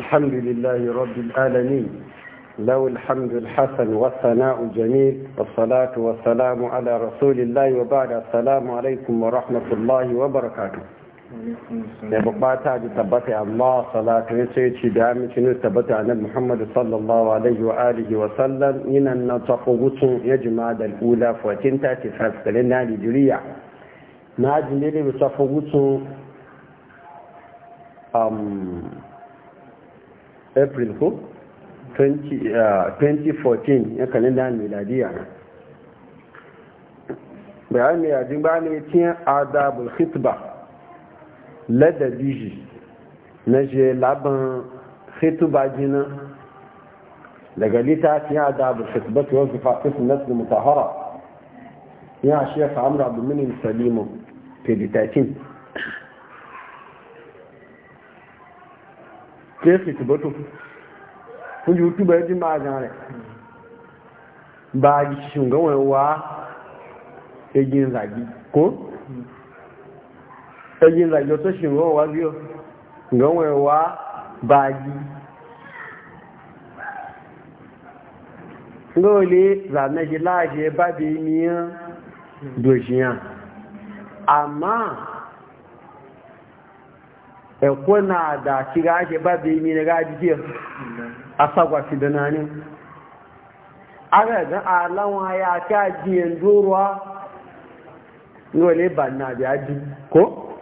الحمد لله رب العالمين له الحمد الحسن والثناء الجميل والصلاة والسلام على رسول الله وبعد السلام عليكم ورحمة الله وبركاته da bukata ji tabbata Allah salatu ya ce ci da amincin tabbata a nan Muhammadu sallallahu alaihi wa alihi wa sallam yinan na tsakogucin ya jima da al'ula 1435 kalin na Nigeria na jini da april ko 2014 uh, ya kalenda miladiya na bayan miladin ba ne tiyan adabul hitba ladabi na je laban hitba jina daga lita littafin adabul khitba ta wasu fatisun nasu mutahara ya shekha amur abu minin salimu 2013 kéèsì tìbọ́ tó fún ju túbọ̀ ẹjí máa gan rẹ̀ bá ṣùgbọ́n wá ẹjí ń ràgí kó ẹjí ń ràgí ọ̀tọ́ ṣùgbọ́n wá bí ọ ṣùgbọ́n wá bá yí lóòlé laje láàṣẹ bá bí ní kuna da shiga ake babu yi na gaji ke a sagwafi da nani a ga alawa ya ta jiyan zuruwa banna ba na da yaji ko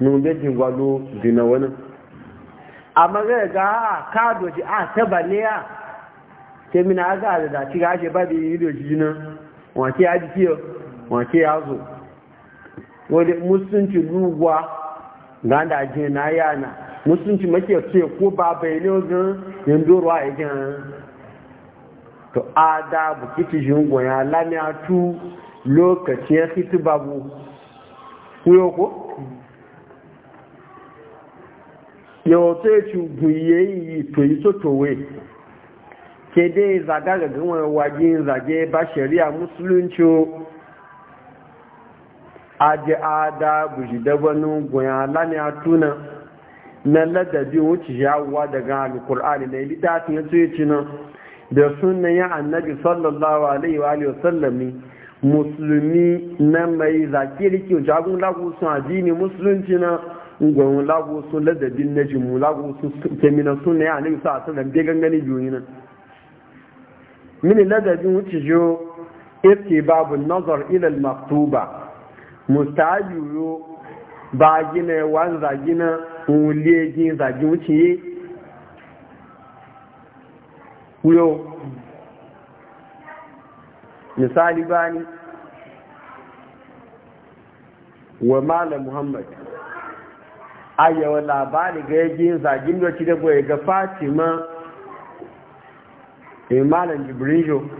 nube jingwalo dina wani amma ga ga ka ji a ta bale ya ke mina ga da da shiga ake babu yi doji jina wace ya ji ke wace ya zo wale musulunci lugwa ganda aje na yana musulunci make ce ko ba bai ne gan yandoro a idan to ada bukiti jingo ya lamia tu lokacin hitu babu kuyo ko yau to ya guye yi to yi so towe ke dai zaga ga gawar wajen zage ba shari'a musulunci Aje ada buji dabanin goya lani a tunan na ladabi wuce yawuwa daga alkur'ani na littafin ya tsoye cinan da sunan ya annabi sallallahu alaihi wa alihi wasallami musulmi na mai zakiri ke jagun a addini musulunci na gwanon lagusun ladabin na jimu lagusun kemina sunan ya annabi sa sallam bai gangane biyu nan mini ladabin wuce jo ifti babu nazar ilal maktuba yo ba gina wan zagina wule gin zagin wuciye Yo, misali bani wa malam muhammad ayyawa labari ga yajin zagin da da bai ga fatima imanin eh, jibrijo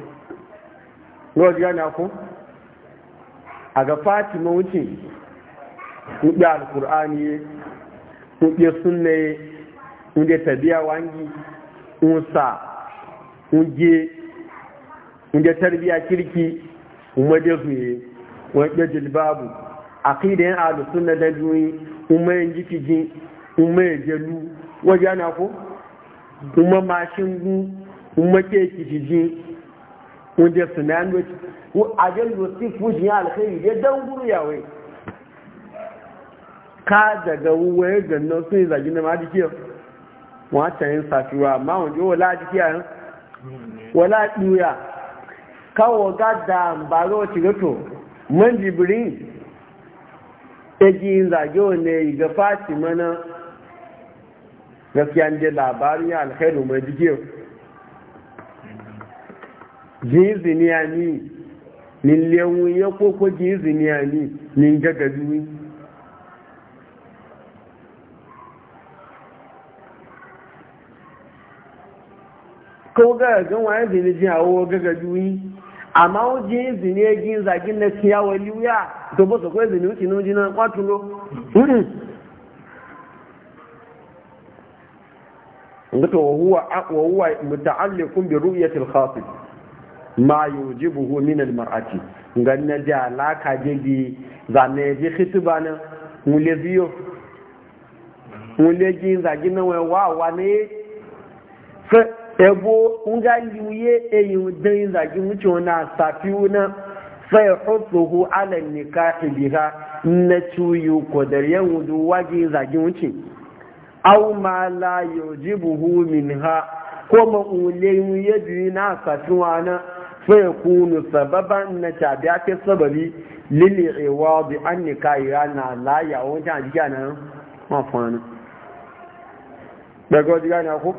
lord yana ku? a ga fatima wuce kuɗi alkur'ani kuɗi sunne inda tabiya wangi unsa unge inda tarbiya kirki umade zuye wanda jilbabu aqidan ahlus sunna da juyi umayen jikiji umayen jelu waje ana ko kuma mashin gu kuma ke kijiji wanda sunan wace ajal yusuf fujin alkhairi dai dan ya yawe ka daga ya gannan sun yi zagi na ma jiki wata yin safiwa ma wunje wala jiki a wala ɗuya kawo ga da baro cigato man jibirin ɗaji yin zage wane ga Fati mana gaskiya ne labarin ya alkhairu mai jiki jin ziniya ni lilẹ̀wọ̀n yẹ kókó jí ìzìnì àní ní gẹ́gẹ̀dúwí kó gẹ́gẹ̀gẹ́ wọ́n ìzìnì jí àwọ́ gẹ́gẹ̀dúwí àmá ó jí ìzìnì ẹgbí ìzàgí lẹ́kí ìlúwíà tó bó sọ pé ní jíná pátúló wa huwa ma yujibuhu min almar'ati ngan na ja alaka ka bi zane je khitba na mule biyo mule ji zagi na we wa wa ne fe ebo nga liuye eyun den zagi mucho na safiu na fa hutsuhu ala nikahi biha na tuyu kodariyan wudu waji zagi wuce aw ma la yujibuhu minha ko ma ule ye bi na asafi na fayakunu sababan na tabi ake sababi lili'ewa bi an ni kayiwa na laya wajen a jiga na mafani daga wajen gani ku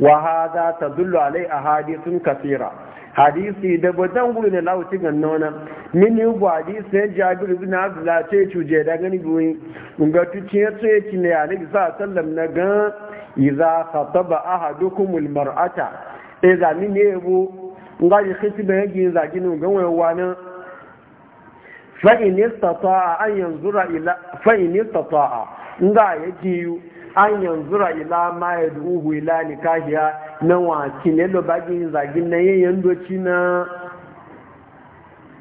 wa za ta dullu alai a hadisun kasira hadisi da badan gudu ne lauci ga nona min yi bu hadisi ya jabir Abdullahi ta ce cuje da gani biyu ga tuci ya ce ki ne alaihi sallam na ga iza khataba ahadukum almar'ata iza min ne bu nga yi khitba yake zagi ne ga wani wani fa in istata'a an yanzura ila fa in istata'a nga yake yu an yanzura ila ma yad'uhu ila nikahiya na wa kine lo kinelo bagin zagi na yayin doci na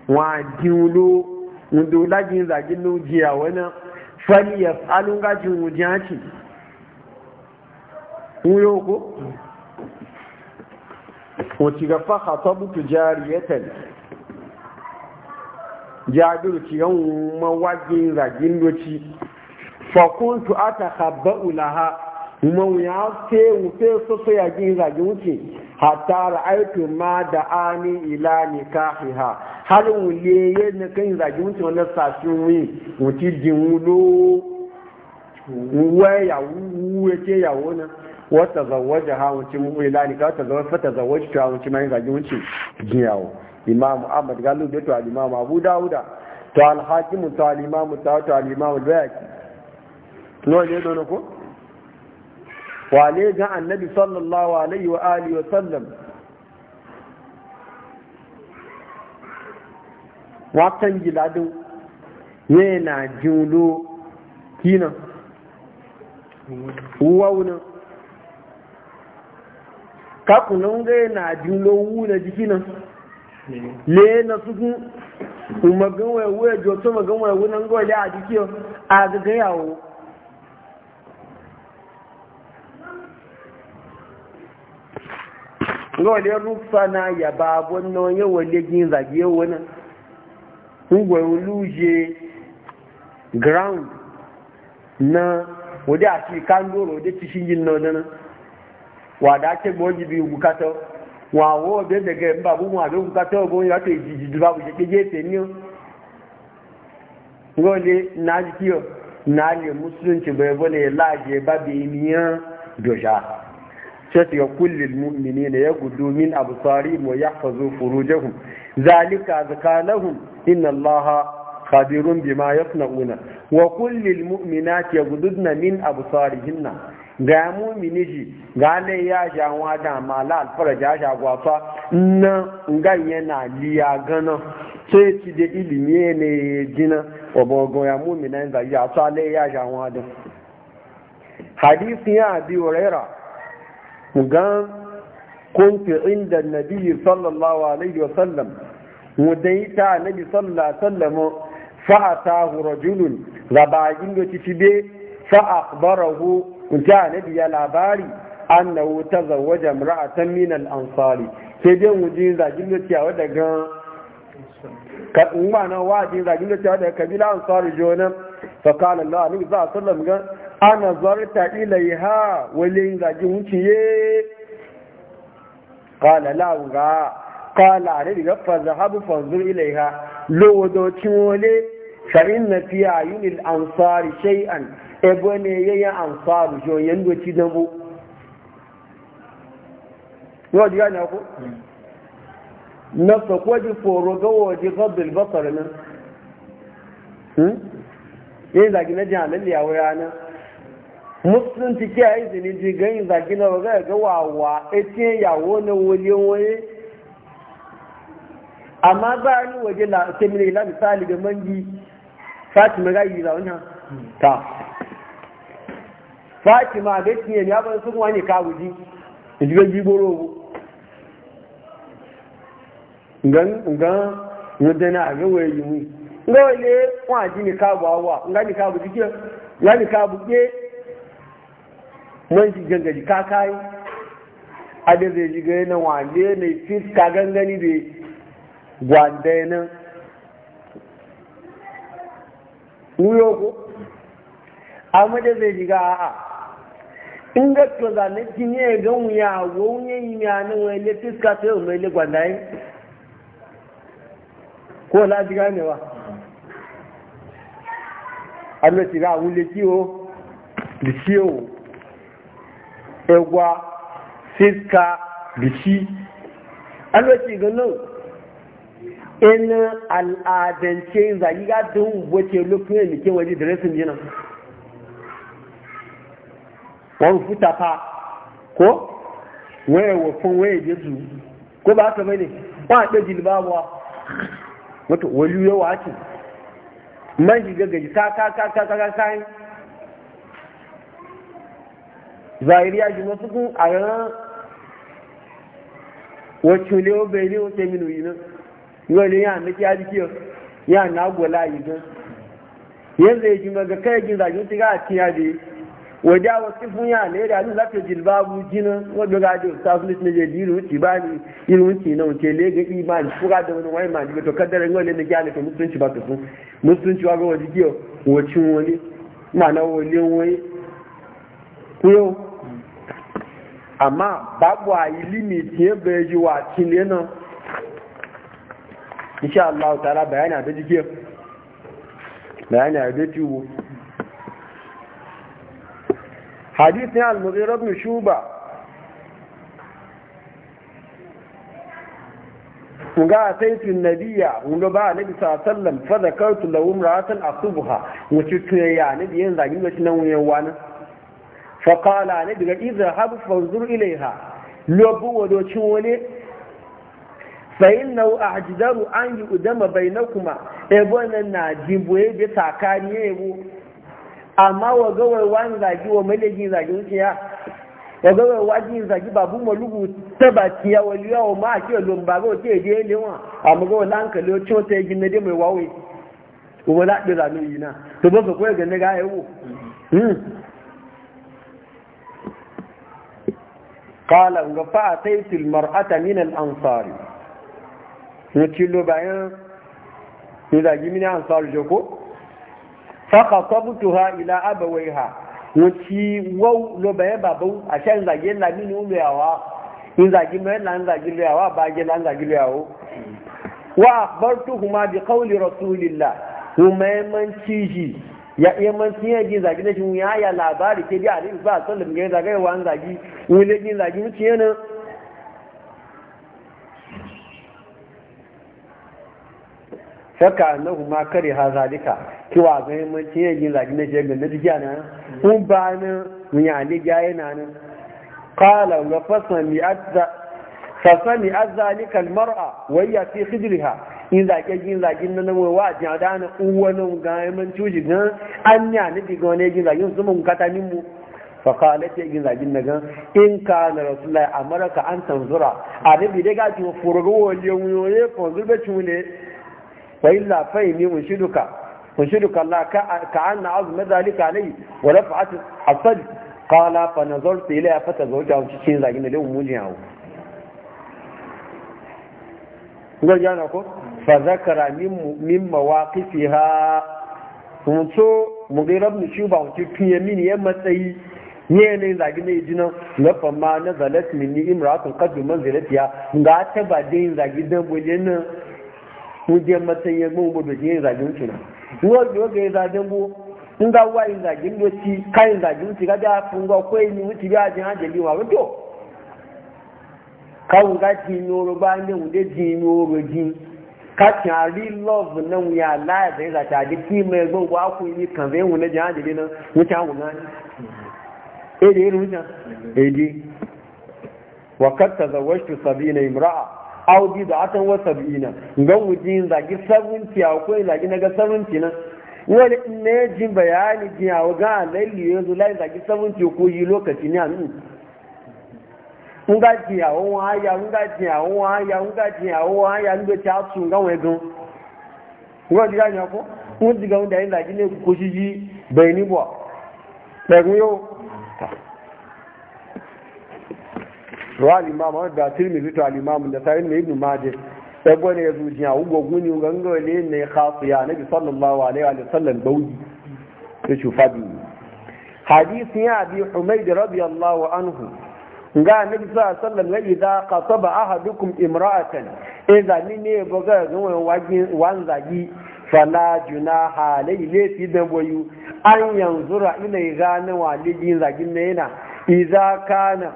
wa diulo ndo lagin zagi no jiya wani fali ya falun gajin wujaci ko wacce ga faha ta butu jariyatan jabiru ci yan mawagin ragin doci fakuntu aka haɓa ulaha mau ya fe wufe soso yagin ragin wuce hatta ra'aitu ma da ani ila nikahiha har wule ya na kan ragin wuce wannan sashin wi wuce jin wulo wuwa yawo wuwa ke yawo na wata zawaja ha wuce mu'ila ni ka wata zawaja fata zawaji ta wuce mai zagi wuce jiyawo imam ahmad galu da to al-imam abu dauda to al-hakim to al-imam to to al-imam al no ne don ko wale ga annabi sallallahu alaihi wa alihi wa sallam watan giladin yana julu kina wawunan kakunan gaya na jimlowu na jiki nan le na suku na wayawo ya joto magan wayawo nan a jiki a gagayawo gole rufa na ya ba wannan yawan legin zage wani ungwayon luje ground na wadda a cikin kandoro wadda cikin yin nan Wa àtẹ̀gbọ́ jìbì ògùnkátọ́ wọn àwọ̀ ọ̀bẹ dẹ̀gẹ̀ ńbà gbogbo àbẹ ògùnkátọ́ ọ̀bọ yàtọ̀ ìjìjì dùbà bùjẹ kéjé ètè ní ọ. wọ́n lé nàájì kí ọ bá bẹ̀ ènìyàn dọ̀ṣà. sẹ́tì ọ̀kúlì mímí ni ẹ̀ gùdù mí àbùsọ̀rí mọ̀ yá fọ̀zọ̀ fòrò jẹ́hùn zálíkà àzàkálẹ́hùn iná ti ẹ̀gùdù náà ga mumini shi ga ya jawa da mala alfara ja shagwafa na ganye e e na liya gana sai ci da ilimi ne jina obogo ya mumina yanzu ya sa ne ya jawa da hadisi ya abi huraira gan kunti inda nabi sallallahu alaihi wasallam mudaita annabi sallallahu alaihi wasallam fa'atahu rajulun gabajin da ci ci be kunta annabi ya labari annahu tazawwaja imra'atan min al-ansari sai dai mu ji zagin da cewa daga ka umma na wajin zagin cewa daga kabila ansari jona fa qala Allah ni za sallam ga ana zarta ilaiha walin zagin wuciye qala la ga qala ne daga fa zahabu fanzur ilaiha lo wado cin wale fa inna fi al ansari shay'an ebe ya yayin ansaru shi oyen doci dabo yau ji gane ku na sakwaji hmm? foro gawa waje gabil basar na. yin zagi na jami'in ya wuya na. musulunci ke a izini ji ganin zagi na waga ga wawa etiyan yawo na woliyan waye amma ba ni waje la sai la misali ga mangi fatima ga yi zaune ta fatima da tinye ya ban sun wani kawuji inji ga giboro ngan ngan yadda na ga waye yi nga wale wa ji ni kabu awa nga ni kabu dike nga ni kabu ke man ji gangaji kakai ade zai ji ga yana wale ne fit ka gangani be gwanda nan uyo ko amma da zai ji in ga to za na kinye ga wuya wo wunye yi mi anan wani le fiska ta yau mai le gwanda yi e? ko la ji ganewa Allah ti ga wule kiwo da ciwo egwa fiska da shi Allah ti ga e nan in al'adance zagi ga dun wace lokacin da ke waje da resin wọ́n fúta ko? kó wọ́n ẹ̀wọ̀ fún wọ́n èdè zù kó bá wa mọ́tò ka ka ka ka ka ka kákákákákákákáyí zahiri ajimọ́ sukun àyàn wọ́n tún lé ó bẹ̀rẹ̀ ní o tẹ́ mi nù yìí náà yóò lè yàn mẹ́kí adìkí ọ yàn náà gbọ́lá yìí gan yẹn waje a wasu fun ya ne da za ta jilba jinin wadda ga da ta na je jiru wuce ba ni irin wuce na wuce le ga imani ko da wani wani ma ji to kaddara ne wani ne ga ne musulunci ba ta fun musulunci wa ga waje kiyo wani ma wani wani kuro amma babu a yi limiti ya bai ji wa insha Allah bayani a da jikiyo bayani a Hadisi ne al-mughira ibn shuba ga saitu nabiya wanda ba nabi sallam fa zakartu lahu imra'atan asubha wace tuyayya ne da yin zagi wace nan wuyan wani fa qala ne daga idza habu fanzur ilaiha lobu wadocin wani fa'inna a ajidaru an yi udama bai na kuma ebo na na jimbo ya bi yabo amma wa gawar wani zagi wa malaji zagi wuce ya wa gawar wani zagi babu malugu ta baki ya wali ya wa ma'aki wa lomba ga wace yaje yin lewa amma gawar lankali wa cewa ta yi gina dai mai wawai kuma na ɗi zanu yi na to ba ka koya gani ga yawo qala hmm. ga fa a al mar'ata min al ansar ne kilo bayan ni zagi min ansar joko fakasabutuha ila abawaiha wuci wau lo baye babu a shan zage na mini ulo yawa in zage mai na zage lo yawa ba ge na zage lo wo? wa akhbartu huma bi qawli rasulillah huma man ciji ya iya man tiya ji zage ne shi mu ya ya labari ke bi a rin ba sallam ge zage wa zage mu le ji zage mu ciye faka na kuma kare ha zalika kiwa ga mun tiye gin zagi na jega na diga na kun ba na mun ya ne ga yana nan qala wa fasami azza fasami azzalika almar'a wa hiya fi khidriha in zage gin zagi na nan wa ja da na uwanin ga mun tuji ga an ya ne diga ne gin zagi su mun kata min mu fa qala ce gin zagi na ga in ka kana rasulullahi ka an tanzura a da bi daga ji furugo waliyo yoye ko zurbe chune wa illa fa inni unshiduka unshiduka la ka anna azma zalika alai wa rafa'at asad qala fa nazartu ilayha fa tazawja wa cikin zagin da mu jin hawo ga jana ko fa zakara min min mawaqifiha mun so mu ga rabbi shi ba wuce fiye min ya matsayi ne ne zagi ne jinan na fama na zalat min ni imratun qaddu manzilatiya ga ta ba dai zagi dan bolen nan wajen matsayin gbogbo zagin na wani yau ga ya zagin bu in ga wa yin zagin doci kayan zagin su bi da fun ga kwai ni wuce biya jin hajjali wa wato ji noro ji ka a ri love na wuya laya zai a diki mai gbogbo aku na na ede e e wa audi bi da atan wa sab'ina ngan wujin zagi 70 akwai zagi naga 70 na wani ne jin bayani jin awa ga lalli yanzu lai zagi 70 ko yi lokaci ne a nan n ga awon wa aya n ga jin awon wa ngan ngan ni wanda ne ko shi wa al-imam Ahmad da Tirmidhi to al-imam Nasa'i ne Ibn Majah sai gwane ya zuciya ugo guni gango ne ya khasu ya nabi sallallahu alaihi wa sallam bauji ya shufa bi hadisi ya bi Humayd radiyallahu anhu ga nabi sallallahu alaihi wa sallam la idza qasaba ahadukum imra'atan idza ni ne boga gwan wagi wan zagi fala junaha alayhi lafi da boyu an yanzura ilai ganin walidin zagin ne yana idza kana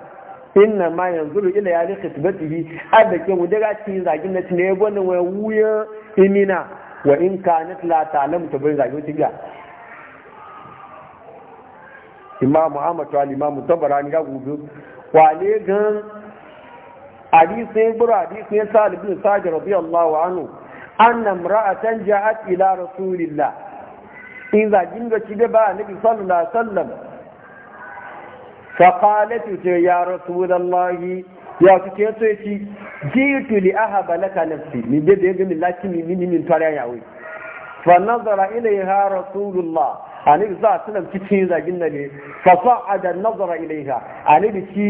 inna ma yanzu ila yali rika tibatihi adda ke mu daga ci zagin na tine gwanin wa wuya imina wa in kanat la ta'lam to bai zagin tiga imam muhammad wa imam tabarani ga gudu le gan hadisi ya buru hadisi ya sa alibin sajir radiyallahu anhu anna imra'atan ja'at ila rasulillah in zagin ga ci ba nabi sallallahu alaihi wasallam فقالت يا رسول الله ya su ke so yaci jitu li ahaba laka nafsi mi be de gami lati mi mini min tare ya wai fa nazara ilaiha rasulullah ani za ta nan cikin zagin nan ne fa sa'ada nazara ilaiha ani da ci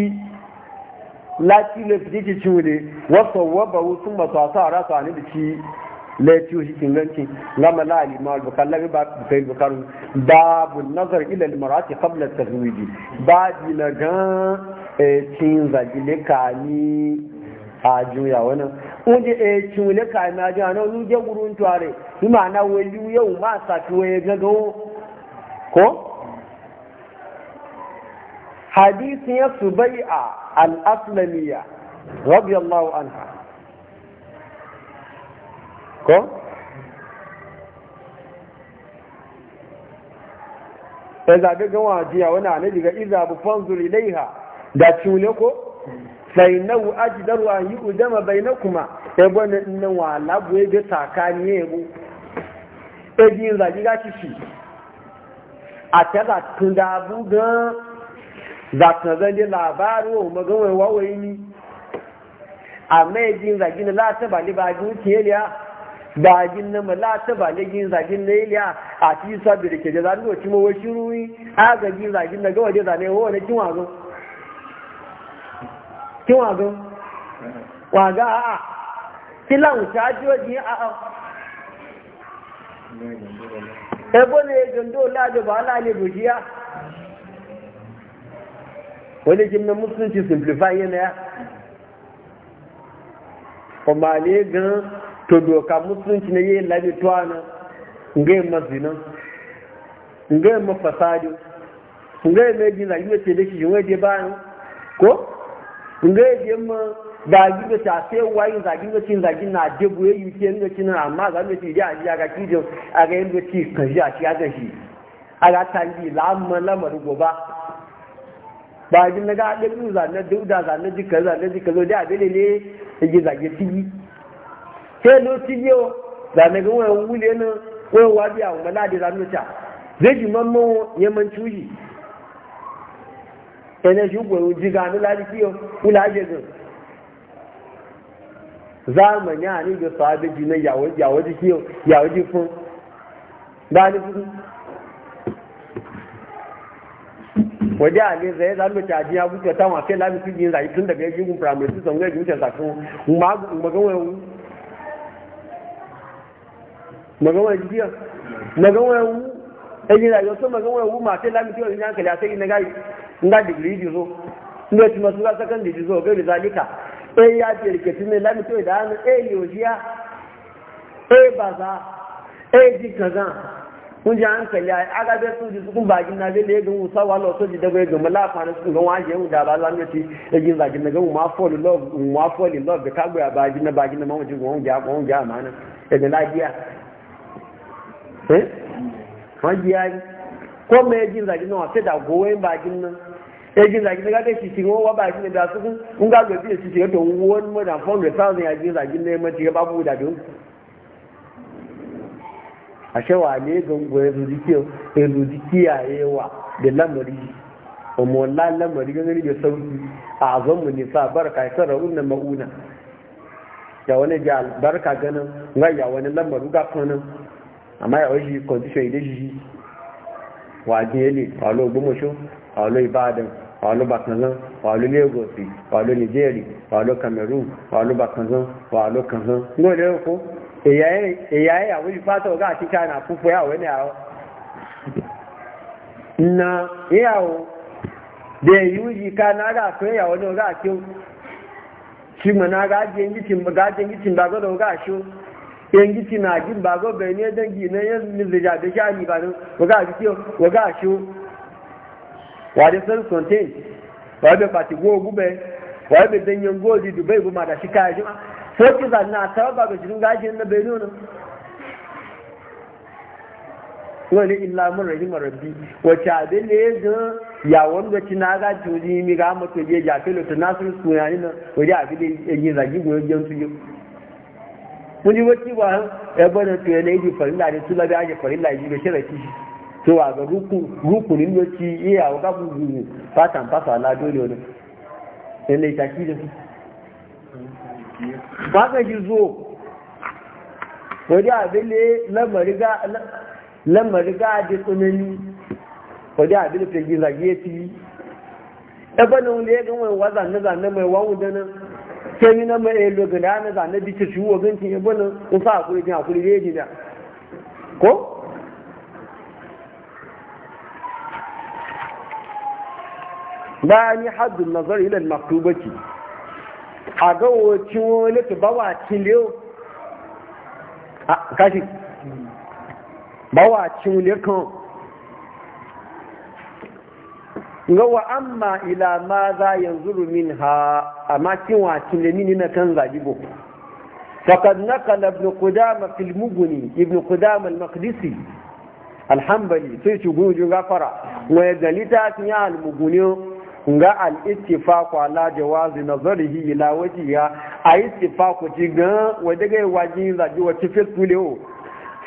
lati ne fiji ci ne wa sawaba thumma tasara ani da ci laifi shi inganci gama la alimal bukallami ba bukai bukaru babu nazar ila almarati qabla tazwiji babu na ga cin zagi le kani a juya wani unje e cin le kani a juya na wani je gurun tuare ma na wali yau ma sa ki waye gado ko hadisi ya subai'a al-aslamiyya radiyallahu anha ko ya zaɓi gan wajiya wani anabi ga iza bu fanzur laiha da cule ko sai nau aji daru an yi ujama bai na kuma ya gwani nan wa labu ebe ga tsakani ya yabo e yin ga shi a ta za tun da bu gan za ta zane labari wa magawai wawayi ni amma ya yin na za ta bali ba ji wuce dagin na malata ba legin zagin na iliya a ci sabi da ke da zanen wacce mawa ga agagin zagin na gawa da zane wa wazo? kin wazo waga a a kila wuce ajiyoyi a a ebe ne gando lada ba ala ne bujiya wani na musulunci simplify yana ya kuma ne gan to doka musulunci na yin labi tuwa nan ngayin di ngayin mafasadi ngayin mai jin zagi wace da shi yin waje bayan ko ngayin jin ma zagi da ta sai wayin zagi da cin zagi na ke amma zagi da a ji a ga kijin a ga yin da a ci a ga shi a ga tangi lamar lamar goba ba jin na ga ɗin zanen duk da jika zanen zo da e ji sai lokaci yau da na ga wani wule na wani wabi a wani ladi ranar ta zai ji mamman yaman cuji ene shi gwai ji gani ladi kiyo kula ake zin zamani a ni ga sahabi ji na yawo yawon ji kiyo yawon ji fun gani fun waje a ne zai zalo ta ajiya buke ta mafi lami su yin zai tun daga yakin primary su sangai zuciyarsa kun magan wani magawa jiya magawa wu ẹni ra yọtọ magawa wu ma tẹ lami tí o ní a ase yìí nga nga digiri yìí so nga tuma suga second yìí so o bẹ bisa ka e ya jeli kẹtì mi lami tí da anu e yìí o jiya e baza e di kankan n jẹ ankele aga bẹ so di sukun baagi na bẹ lẹẹgẹ ń wusa wàhálà ọtọ di dẹgbẹ gẹmọ láàfin àti ti ti e eh fajiya ko me jin zagi no sai da goyen bakin nan e jin zagi daga da shi tin wa bakin da da su kun kun ga gobe shi ce to won mu da fon da sai ya jin zagi ne mu ce babu da don a shawa ne gango ya zuciya ya zuciya yawa da lamari amma wallahi lamari gangani da sauki a azon mu nisa, sa ya sai ra'un mauna ya wani ja barka ganin ga ya wani lamari ga kanin àmọ́ ìyàwó yìí kọ̀ǹtíṣọ̀ ìdé yìí wà á dín élè wà ló gbómọṣó wà ló ìbáàdàn wà ló bàkànlán wà ló lẹ́gọ̀ọ́sì wà ló nìjẹ́rì wà ló cameroon wà ló bàkànlán wà ló kànlán. ngọ́ ilé ẹ̀kọ́ èyà ẹ̀ àwọn yìí pátọ̀ ọ̀gá àti china fúnfọ́ ìyàwó ẹ̀ náà. nà ìyàwó dẹ̀ yìí yìí ká náà yanzu ci na jin ba bai ne dangi na yan nizija da shani ba waga ji waga shi wa da sonte wa da fati gube danyen godi dubai bu ma da shi kai na ta ba ga jin gashin na bai nuna wani illa mun rahim rabbi wace ya wanda na ga juri mi ga mutu je ja mun ji wacce ba ya bada to ya nayi farilla ne tula da ake farilla yi da shirati to wa ga rukunin ruku ne wacce iya wa ga bugu fatan fasa na dole ne sai ne taki da ba ga ji zo wadi abile lamari ga lamari ga ji tsunani wadi abile ta gizagiye ti ebe na wule ga wani wazanne zanne mai wawu da nan sai ni na mai logan da na zane bi ta ciwo gancin ya bane in sa hakuri jin hakuri da yaji da ko bayani haddun nazar ila maktubati a ga wacin wani ta bawa kiliyo kashi bawa cin kan nga wa amma ila ma za yanzu min ha a makin wakil da na kan zaɓi ko fakad na kala ibn kudama filmuguni ibn kudama al-maqdisi alhambali sai ci gunju gafara wa ya dalita su yi almuguni nga al-ittifaq ala jawazi nazarihi ila wajiha a ittifaq ci ga wa daga wajin zaɓi wa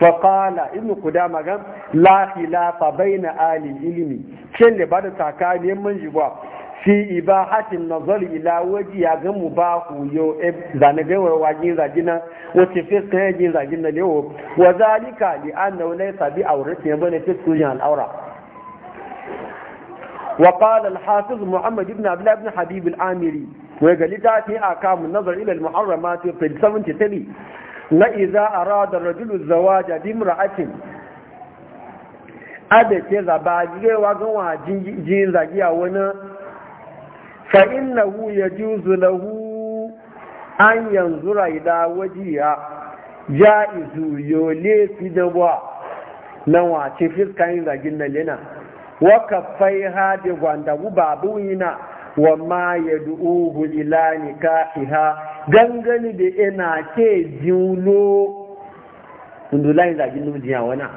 faƙala ibn kudama gan la khilafa baina ali ilimi cin da bada tsakanin manjiwa fi ibahatin nazar ila waji ya ga mu ba ku yo e, zane ga wa waji zagi na wace fi kan yaji zagi na lewo wa zalika li anna laysa bi awrati bane fi sujan al-awra wa qala al-hafiz muhammad ibn abdullah ibn habib al-amiri wa ga litafi akamu nazar ila al-muharramat fi na iza a rada rajulu zawa da dimra ake ada ke zaba girewa gan wa zagi a wani fa innahu yajuzu hu, an waji ya wajiya izu yole fi dawa na wace fiskan zagin na lena wa kafai da gwanda babu na? wa ma ya du'uhu ila nikahiha gangani da ina ke jiulo undulain da jinu jiya wana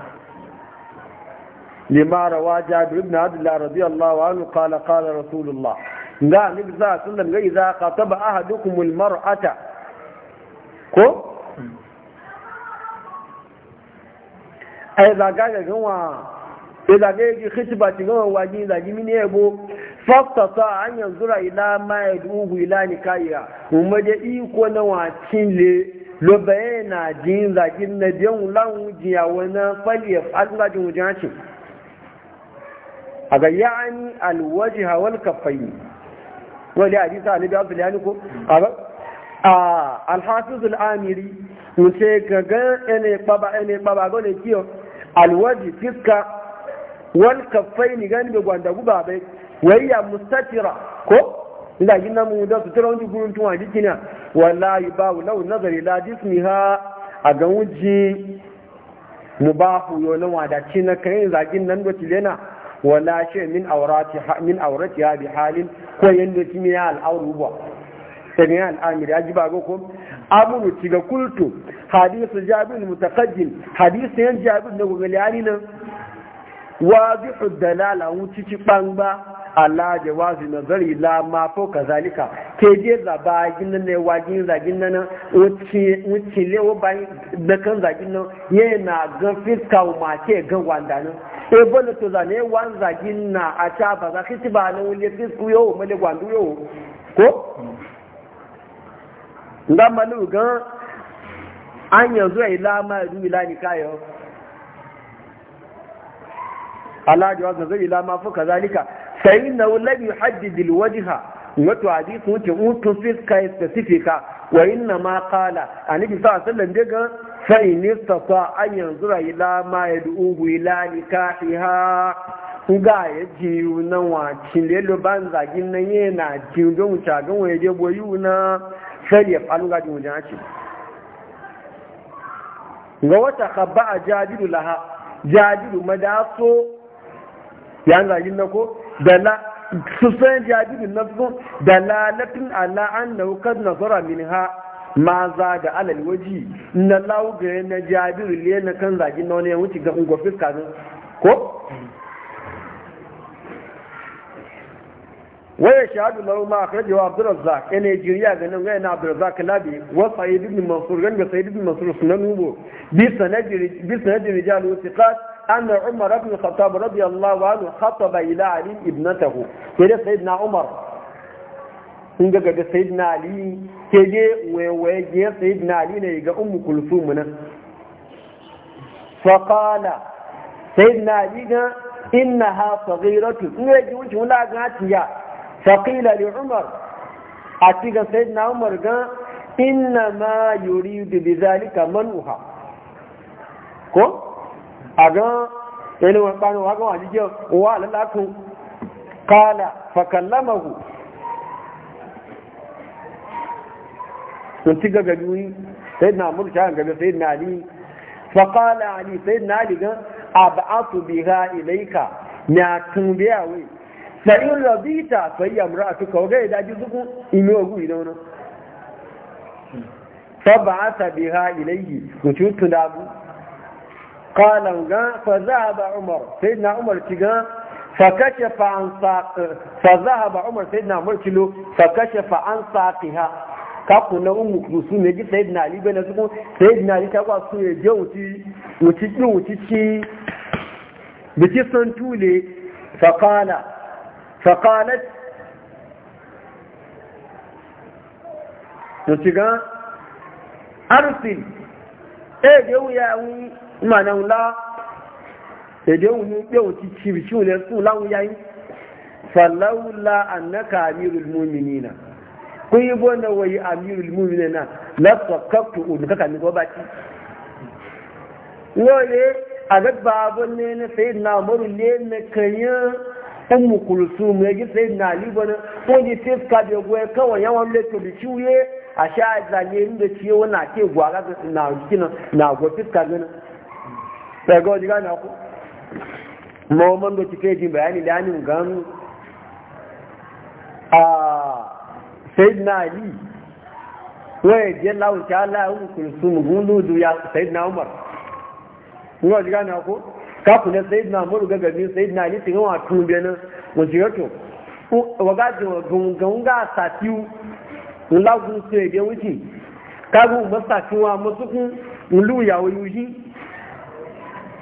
lima rawa jabir ibn abdullah radiyallahu anhu qala qala rasulullah nga ni za alaihi ga idza qataba ahadukum al mar'ata ko ai zaga ga ganwa ai zaga ga khitba ti ganwa waji zagi mini ebo ta hanyar zura ila mai dubu ila ni kayya kuma da iko na wacin le lo bayana jin zagin na biyan lan jiya wani fali ya fadla jin wajen hacin a ga ya'ani alwaji hawal kafai wani ne alibi abu da ko a alhafiz al'amiri ga gaga ene baba ene baba gane kiyo alwaji fiska wal kafai ni gani bai gwanda gubabe wayya mustatira ko ila yin mu da su tira wani gurin tuwa jikina wallahi babu lau nazari la ha a ga wuji mubahu yo na wadaci na kayan zagin nan da lena wala shi min aurati min aurati ha bi halin ko yanda kimi ya al'auru ba sai ya al'amir ya ji ba go ko amuru ga kultu hadithu jabir mutaqaddim hadithu yan jabir da gogaliyani nan wazihu dalala wuci ci bangba Allah jawazi nazari la ma fo kazalika ke je zaba ginin ne wajin zagin nan wuce le wo bayan da kan zagin nan na ga fiska ma ke ga wanda nan e bolo to zane wan zagin na a ta ba za ki ba nan wule fisku yo male gwandu yo ko ngamalu gan an yanzu a ila ma ru ila kayo Allah jawazi nazari la fo kazalika فإنه لم يحدد الوجه ce, hadisi wuce utun fiska specifica wa inna ma qala annabi sallallahu alaihi wasallam daga fa in istata an yanzura ila ma ya jiyu na wacin lelo ban zagin nan yana jiyu don wuce gan waye je boyu na sai ya falu ga jiyu jan ce ga wata khabba jajiru laha jajidu madaso zagin na ko da la susan na nafsun da lalatin ala an na wukar nasara min ha ma za da alal waji na lauga na jabiru liya na kan zagi na wani ya wuce ga ungo fiska ko waya shahadu lahu ma akhrajahu Abdurrazzaq ene jiriya ganin waya na Abdurrazzaq labi wa Sa'id ibn Mansur ganin Sa'id ibn Mansur sunan nubo bi sanadi bi sanadi rijal thiqat أن عمر بن الخطاب رضي الله عنه خطب إلى علي ابنته كده سيدنا عمر inga ga sayyidina ali ke je wewe je sayyidina ali ne ga ummu kulsum nan fa qala sayyidina ali ga innaha saghiratu inga ji wuce wala ga tiya fa qila li umar atiga sayyidina umar ga inna ma yuridu bi zalika manuha ko agan yana wani ɓanin wagon a jijiyar wa lalatu kala fakallamahu sun ci gaga duni sai na mulki a gaga sai na ali fakala ali sai na ali gan biha ilaika na rabita sai a tuka daji zuku imi wani sabba asa biha mutum tunabu قال فذهب عمر سيدنا عمر تجا فكشف عن ساق فذهب عمر سيدنا عمر كيلو فكشف عن ساقها kaku na umu kusu ne ji sayyidina ali bane su ko sayyidina ali ta kwa su ya je wuci ki wuci ki biki tule arsil e wuya ma na wula èdè òun pé òun ti tìrì tí òun lè fún láwọn yáyí fàlàwùlà ànákà àmìrìl múmìnì kó yí bọ́ na wọ̀nyí àmìrìl múmìnì nà lọ́pọ̀ kọ́pù òun ní gọ́bà tí. wọ́n lé àgbẹ̀gbà bọ́ na ali ji da kawai yawan leto da a sha zane inda ciye wani ake gwara na jikin na go fiska ganin daga wajen gane ku mawamman da cike jin bayani da yanin gan a sayid na ali waya je lawun ta ala yawon kulsum gundu duya sayid na umar gane ku na na tun yato gungun ga su ya biyan wuce lu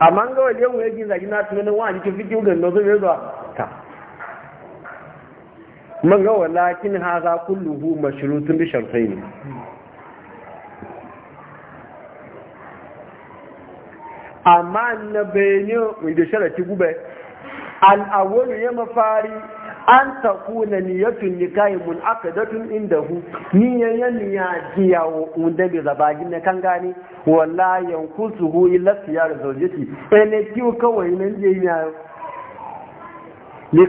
amma ga wajen yawon yake zagi na tunanin wa jikin fiki ugan na zobe zuwa ta man ga walakin haza kulluhu mashrutun bi ne amma na bayanin da sharati gube al awwalu ya mafari an takuna niyatun nikahi inda indahu niyan yan niya jiya wanda bai zaba gina kan gane walla yankusuhu illa siyar zawjati ene kiwo kawai nan je ni kawai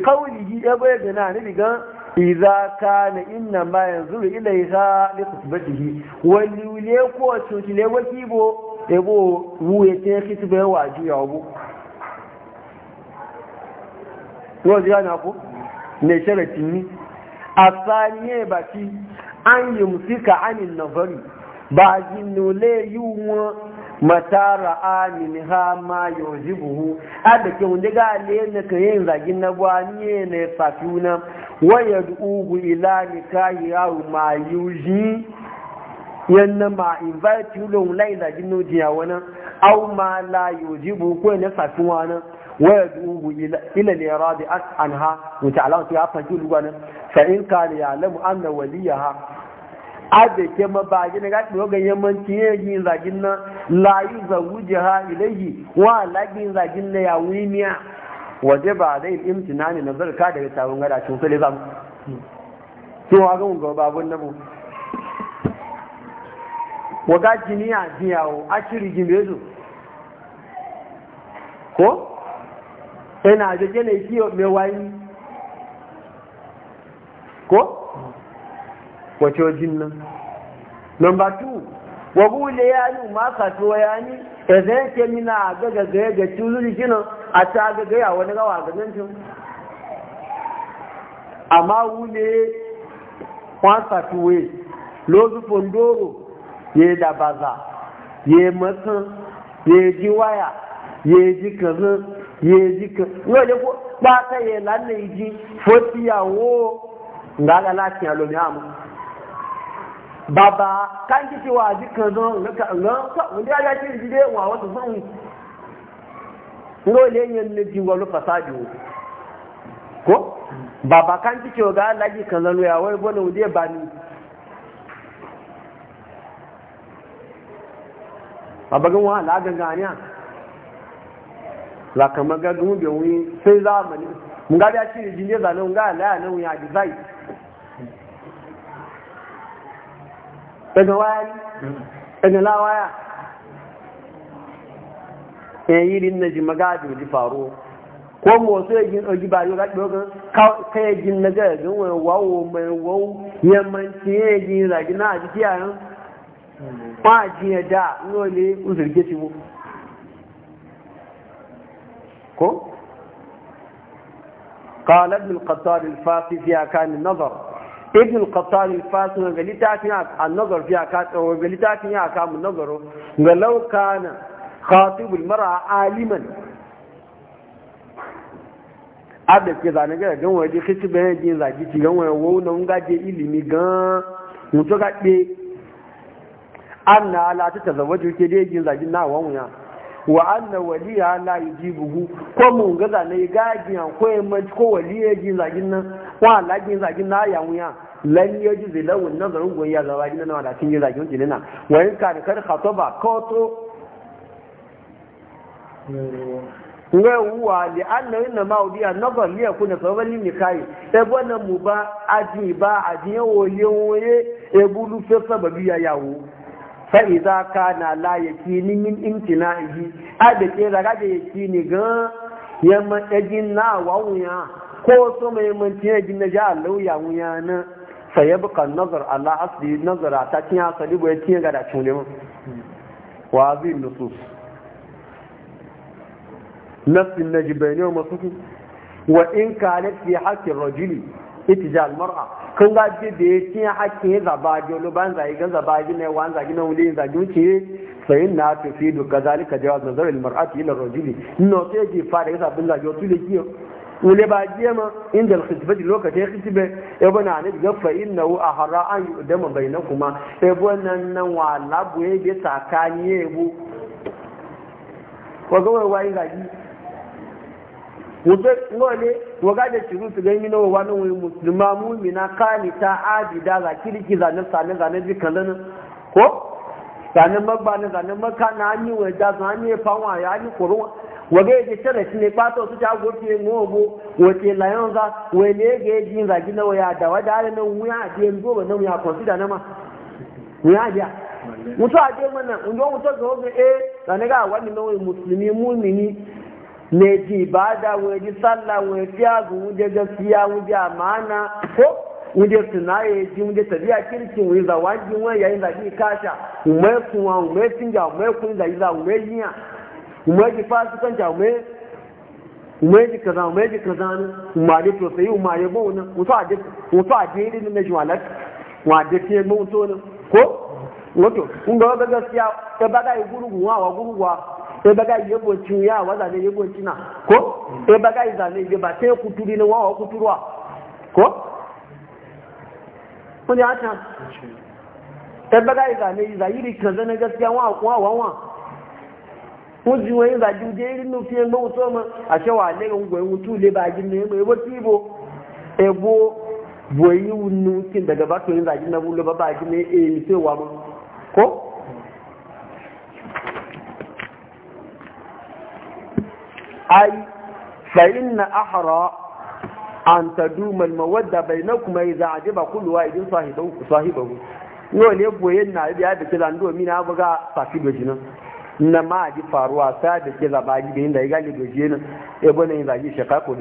qawlihi ya bai gana ni diga idza kana inna ma yanzuru ilayha li qutbatihi wani wule ko ne waki wakibo ebo wuye te kitbe wajiya obu Wọ́n ti rá ní ku? ne sharafi ni a saniye ba ci an yi musika anin fari ba jinule yi wọn matara amin ha ma yanzu buhu a da ke wunde ga na ka yin zagin na gwaniye na fafuna waya ugu ila ni kayi yawo ma yuji yanna ma invite you lai zagin nojiya wana au ma la yuji buhu ko na fafi wani ويدعوه إلى الإرادة عنها وتعالى في عفن جل فإن كان يعلم أن وليها abe ke mabaji na gaɗi wagan yammanci ya yi zagin na layu zawu jiha ilahi wa lagin zagin na ya wimiya waje ba zai imtina ne na zarka daga sabon gada cin sule zamu kin wa gan gaba babun namu waga jiniya jiyawo a shiri jimbe ko ina jirgin na ikiyo mai wayi ko? wace wajen nan number two wagule ya yi maka to ya ni da zai ke mina a gagagaya ga tuzuri gina a ta gagaya wani gawa ga zancin amma wule kwansa tuwe lozu fondoro ya yi da ya yi matsan ya yi ji waya ya yi ji kazin yezika ka wani ko ba ta yi lanna iji foti yawo nga ga lati ya lomi amu baba kan kiti wa ji kan zo nga ka nga ka wanda ya ci ji de wa wato san ngo le yen ne ji ngolo fasadi ko baba kan kiti ga laji kan zo ya wai bono wuje bani baba gan wa la ganga ne za ka magagun da wuni sai zamani mun ga ya ci jini za nan ga na nan ya divai daga waya daga la waya eh yirin na ji magadu ji faro ko mo wasu ya e jin oji ba yo ga do ka ka ya e e jin na ga wani wawo mai wawo yamman ci ya jin za gina a jiki a yan ba ji da ngole uzurge ci mu ko قال ابن القطار الفاسي فيها كان النظر ابن القطار الفاسي وقالتاكي النظر فيها كان وقالتاكي كان النظر ولو كان خاطب المرأة عالما abda ke zane ga gan waje kici bayan jin zaki ci gan waye wo na nga je ilimi gan mun ga de anna ala ta zama ke de zaki na wa wa anna waliya la yujibuhu ko mun ga da ne gaji an ko man ko waliya ji zagin nan wa lagin zagin na ya wuya lan yaji zilawu nazarin goyya ga wajin na da kin zagin jinina wa in kan kar khataba ko to ngawuwa li anna inna ma nazar li yakuna sababan lin nikahi e bona mu ba aji ba aji yawo yewo e bulu fe sababi yawo fa'iza ka na layaki nimin imtina ihi a da ke raga da yaki ni gan ya matsajin na wawuya ko so mai manci na gina ja alauya wuya na faye bukan nazar Allah asali nazara ta cin asali ba ya cin ga da cin liman wa zai nusus nasin na jibayani wa masu wa in ka ne fi haƙƙin rajuli itijal mar'a kun ga ji da yake hakkin zaba ji lo ban zai ga zaba ji ne wan zai ne wuli zai wuce sai na tufidu kazalika jawaz nazar al mar'ati ila rajuli no sai ji fara yasa bin zagi to leki wule ba je ma inda al khitbati lokaci khitbe e bana ne ga fa innahu ahra an yudama bainakuma e bana nan wa labu ya be sakani bu ko ga wai zagi wani waga da shiru su gani na wani wani musulma mumina kanita abida za kirki zane sane zane jikalin ko zane magba na zane maka na hanyi wani da su hanyi fanwa ya hanyi kurun waga ya ke shara shi ne ɓata su ta gote ngobo wace layon za wani ya ga yi zagi na waya da wada hali na wuya a biyan zoba na wuya kwanfida na ma wuya biya mutu a biyan mana ndo mutu ga wani eh zane ga wani na wani musulmi mumini mai ji ba da wani sallah wani gaskiya amana ko wunde tunaye ji wunde tabiya kirkin kasha umar kuwa umar sinja umar kun zaɓi za umar yiya umar ji umar kaza umar ji kaza umar ne a jefi wasu a jefi ne na jimalar wa jefi ne ko wato e baga yi ya waza ne yabo na ko e baga yi zane yi ba sai kuturi ne wawa kuturwa ko kun ya e baga yi zane yi zahiri kan zane gaskiya wa wa wa wa kun ji wani zaji je irin nufi yan gbawo so ma a cewa ne ga ngwai mutu ebo boyi na e ko ai fa inna ahra an taduma al mawadda bainakuma idza ajiba kullu wahidin sahibahu sahibahu yau ne goyen na ya da kila ndo mina buga safi do jinan na ma ji faruwa sa da kila ba ji da shaka ko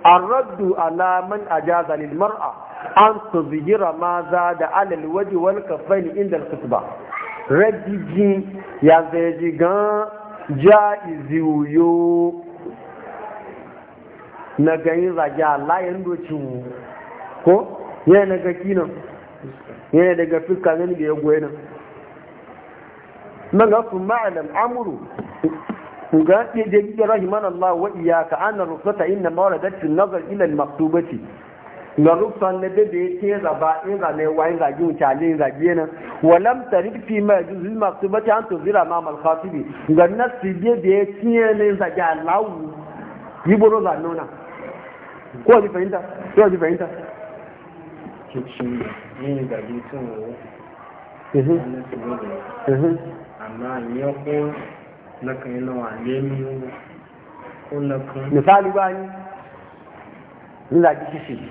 الرد على من أجاز للمرأة أن تظهر ما زاد على الوجه والكفين عند الخطبة radijin ya zai gan ja iziyo na gani zage Allah ya doci ko yana daga kinan daga fuska gani da ya goyi nan man gafu ma'alam amuru ga ya jirgin rahiman Allah wa iyaka ana rufata inna mawaradatun nazar ila al-maktubati ga rufsan na da ya ce zaba in zane wa in zagi mutane in zagi yana walam tarif fi ma yajuz masu bata an tuzira ma mal khatibi ga nasi da ya ce ne zagi lawu. yi boro za nuna ko ji fahimta ko ji fahimta ni zagi tun wo amma ni ko na kan yi nawa ne mi ko na kan misali ba ni in zagi kishi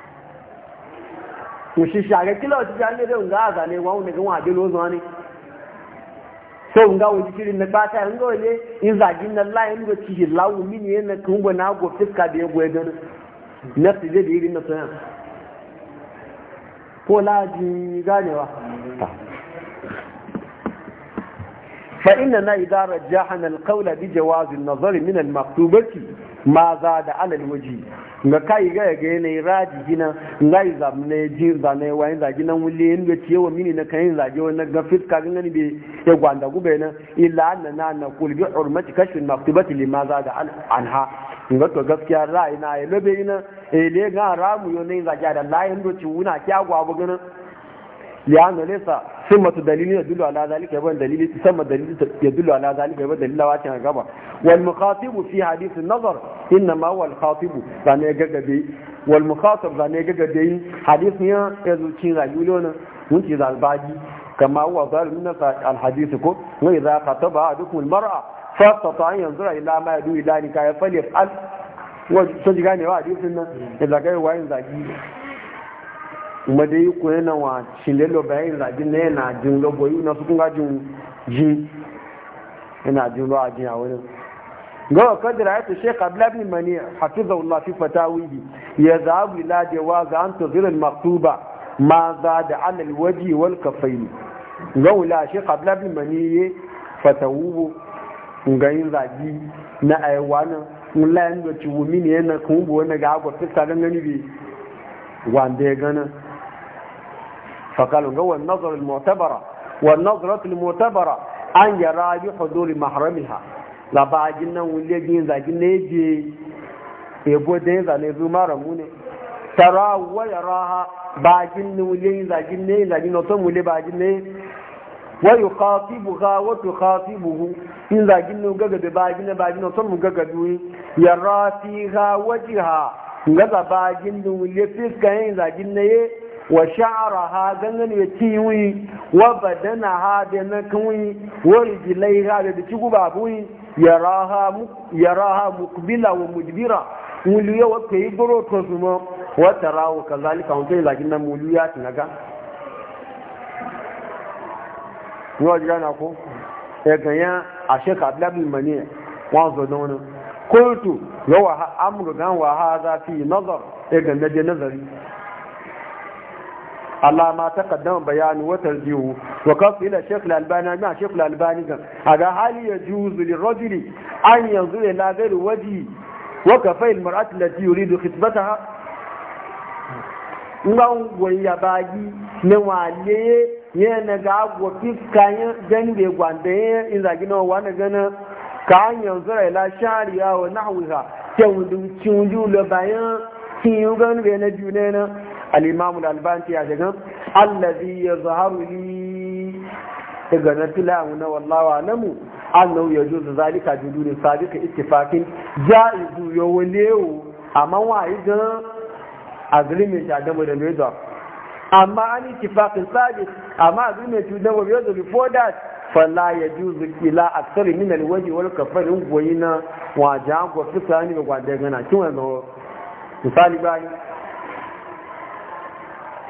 òṣìṣẹ́ ààrẹ kí lọ́ọ̀ ti fi alẹ́ òǹgá àzàlẹ̀ wọn òun nìkan wọn àdé lóòzàn ni so òǹgá òṣìṣẹ́ ní gbáta ẹ̀ ńgọ́ ilé ìzàjí ní láyé ńgọ́ ti yìí láwù mí nìyẹn ní kí ń gbọ́ náà ẹgbẹ́ kó فإننا إذا رجحنا القول بجواز النظر من المكتوبة ما زاد على الوجه ga kai ga ga ne raji gina ngai zam ne jir da ne wayin da gina wuli yin ga ciwo mini na kayin zage wannan ga fiska gani be ya gwanda gube na illa annana na kul bi hurmati kashfin maktubati lima zada anha ga to gaskiya ra'ayi na ya lobe ina ele ga ramu yo ne zage da layin do ci wuna kya gwa bu ganin ya hana nesa sun masu dalilin ya dulo ala zalika yabon dalilin su sama dalilin ya dulo ala zalika yabon dalilin lawa cikin gaba wal mukhatibu fi hadisin nazar inna ma wal khatibu zane ya gagabe wal mukhatib zane ya gagabe yin hadisin ya ya zuci rayuwa ne mun ci zalbaji kama huwa zalimin nasa alhadisi ko wani za ka taba a dukkan mara fasta ta hanyar zura ila ma ya duwi lani ka ya fali al sun ji ganewa a hadisin nan ya zagaye wayan zagi kuma yi ko yana wa shinde lo na ji ne na jin lo boyi na su kunga jin ji yana jin lo ajin a wani ga kadira ya ta qabla bi mani hafiza Allah fi fatawihi ya zabu ila wa ga an zirin maktuba ma za da alal waji wal kafaini ga wula shi qabla bi mani fatawu ngayin zaji na aiwanin mulla yin da ciwumi ne na kuma wani ga agwafi fiska gangani bi wanda ya gana فقالوا هو النظر المعتبرة والنظرة المعتبرة أن يرى بحضور محرمها لا باجنا ولي جين ذا جنيجي يبو دين ذا نزو مارموني ترى ويراها باجنا ولي ذا جنيه ذا جنوتم ولي باجنا ويخاطبها وتخاطبه إن ذا جنو غغد باجنا باجنا تم غغدوي يرى فيها وجهها غذا باجنا ولي فيسكا ذا جنيه wa sha'araha gangan ya ci wi wa ha da na kan wi wa rijlaiha da ci guba bui yaraha yaraha muqbila wa mudbira muliya wa kai boro to zuma wa tarahu kazalika hun kai lakin nan muliya tinaga wa jana ko e ganya a shek abdul mani wa zo don kultu yawa amru gan wa hadha fi nazar e ganna je nazari Allah ta kaddama bayanu wa tarjihu wa kasu ila Sheikh Al-Albani ma Sheikh Al-Albani ga aga hali ya juzu lil rajuli an yanzu ila ghairi waji wa bagi ne wale ye na ga go fiskayen dande gwande in zagi na wani gana ka an yanzu ila shari'a wa nahwiha ke wudun cin julo bayan kin yugan da na june na al-imam al-albani ya shiga allazi yazharu li daga na tilawu na wallawa alamu annahu yajuzu zalika judurin sabika ittifaqin jaizu yawalewu amma wayi ga agreement ya gama da meza amma an ittifaqin sabik amma agreement you never before that fala yajuzu ila akthar min alwaji wal kafarin goyina wajan go fitani ga daga na kin wannan misali bayan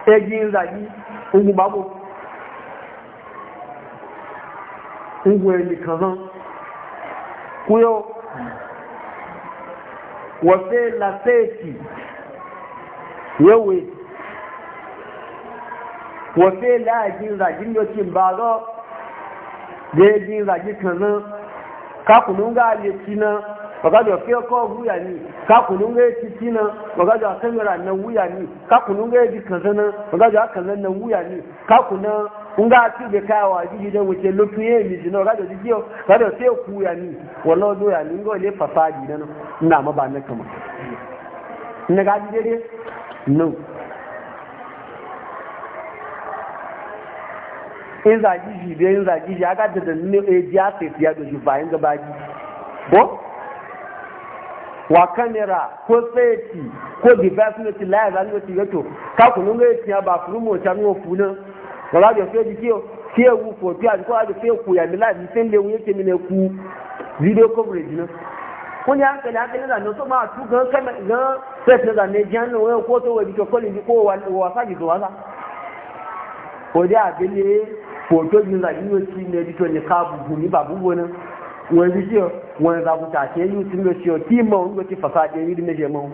egin zagi ungun babu ungun eli kazan kuyo wafe laseti yawe wafe lajin zagin yokin ba zo da egin zagi kazan kakunan ga aliki na wagajo fiye ko wuya ni ka kunun ga ci tina wagajo a kamera na wuya ni ka kunun ga ji kazana wagajo a kazan na wuya ni ka kuna kun ga ci da kaya wa ji da wuce lutu ye mi jino wagajo ji yo wagajo sai ku e ya ni wallo do ya ni ngo le fasadi nan ina ma ba na kama ina ga ji dai no in zagi ji dai in zagi ji aka da da ne ya sai ya do ji bayan gaba ji wa kamera ko seti ko device no ti live ani o ka kunu ne ti ba furu mo cha no fu na wala jo fe di kio ti ewu fo ti ati ko ati fe ku ya mi la mi se le wun ti mi na ku video coverage na ko ni akele akele da no so ma tu gan kamera gan set da ne jan no we ko to we bi ko ni ko wa wa sa ji do wa sa ko dia abele foto ni la ni o ti ne di to ni ka bu ni babu wona wọ́n ti jẹ́ wọ́n ra kuta ke yi ti ma wani gote fasa ke yi na jemau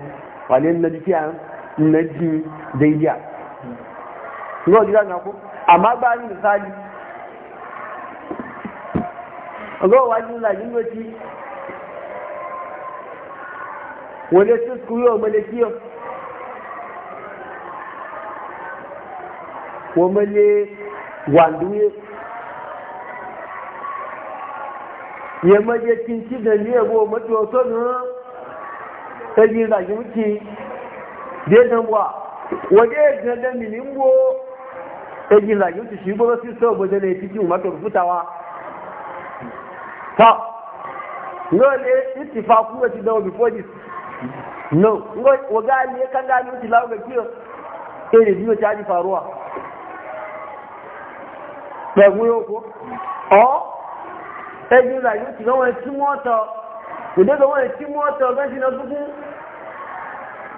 wale na ji kiyan na ji daidiya ngo jira na ku amma ba ni misali ngo wa ji la jin gote wale su ku yo ma da kiyo wo ma le wanduye ya maje cinci da ne yabo mace wato na ɗaji zaki muke dai dan wa waje ga da milimbo ɗaji zaki muke shi gaba su sau baje ne cikin mata rufutawa ta no ne ittifa kuma ci dawo before this no ngo waga ne kan ga ni mutu lawo ga kiyo eh ne biyo ta ji faruwa ba guyo ko oh ẹbí ra yóò ti lọ́wọ́ ẹtí mọ́tọ̀ kò dé lọ́wọ́ ẹtí mọ́tọ̀ gẹ́sì náà dúkú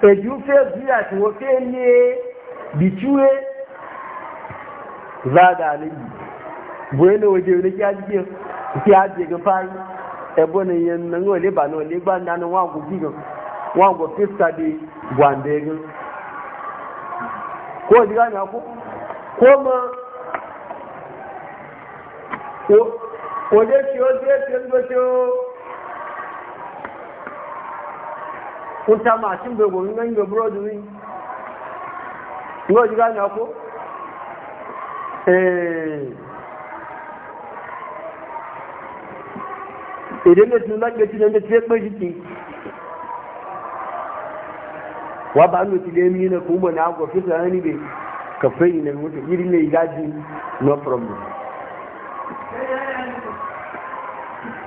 èjú fẹ́ bí àtiwò fẹ́ ní bìtúwé zága àlejò bóyá ní òjò ní kí kí á gbé gan fáyé ẹbọ ni yẹn ń lè bà náà lè nánú wọn àgò gígan wọn àgò fífà di gbàǹdẹ gan kó o ti ká ní akó kó o mọ òde tí ó dé tí ó dúró tí ó ń ta máa tí ń gbogbo ń gbogbo búrọ́dù rí ìwọ́ ìjúgá ní ọkú èdè lè tún lágbé tí lẹ́gbẹ́ tí ó pé jìtì wà bá ní òtí lẹ́mí ní kò mọ̀ ní àgọ̀ fífẹ́ no problem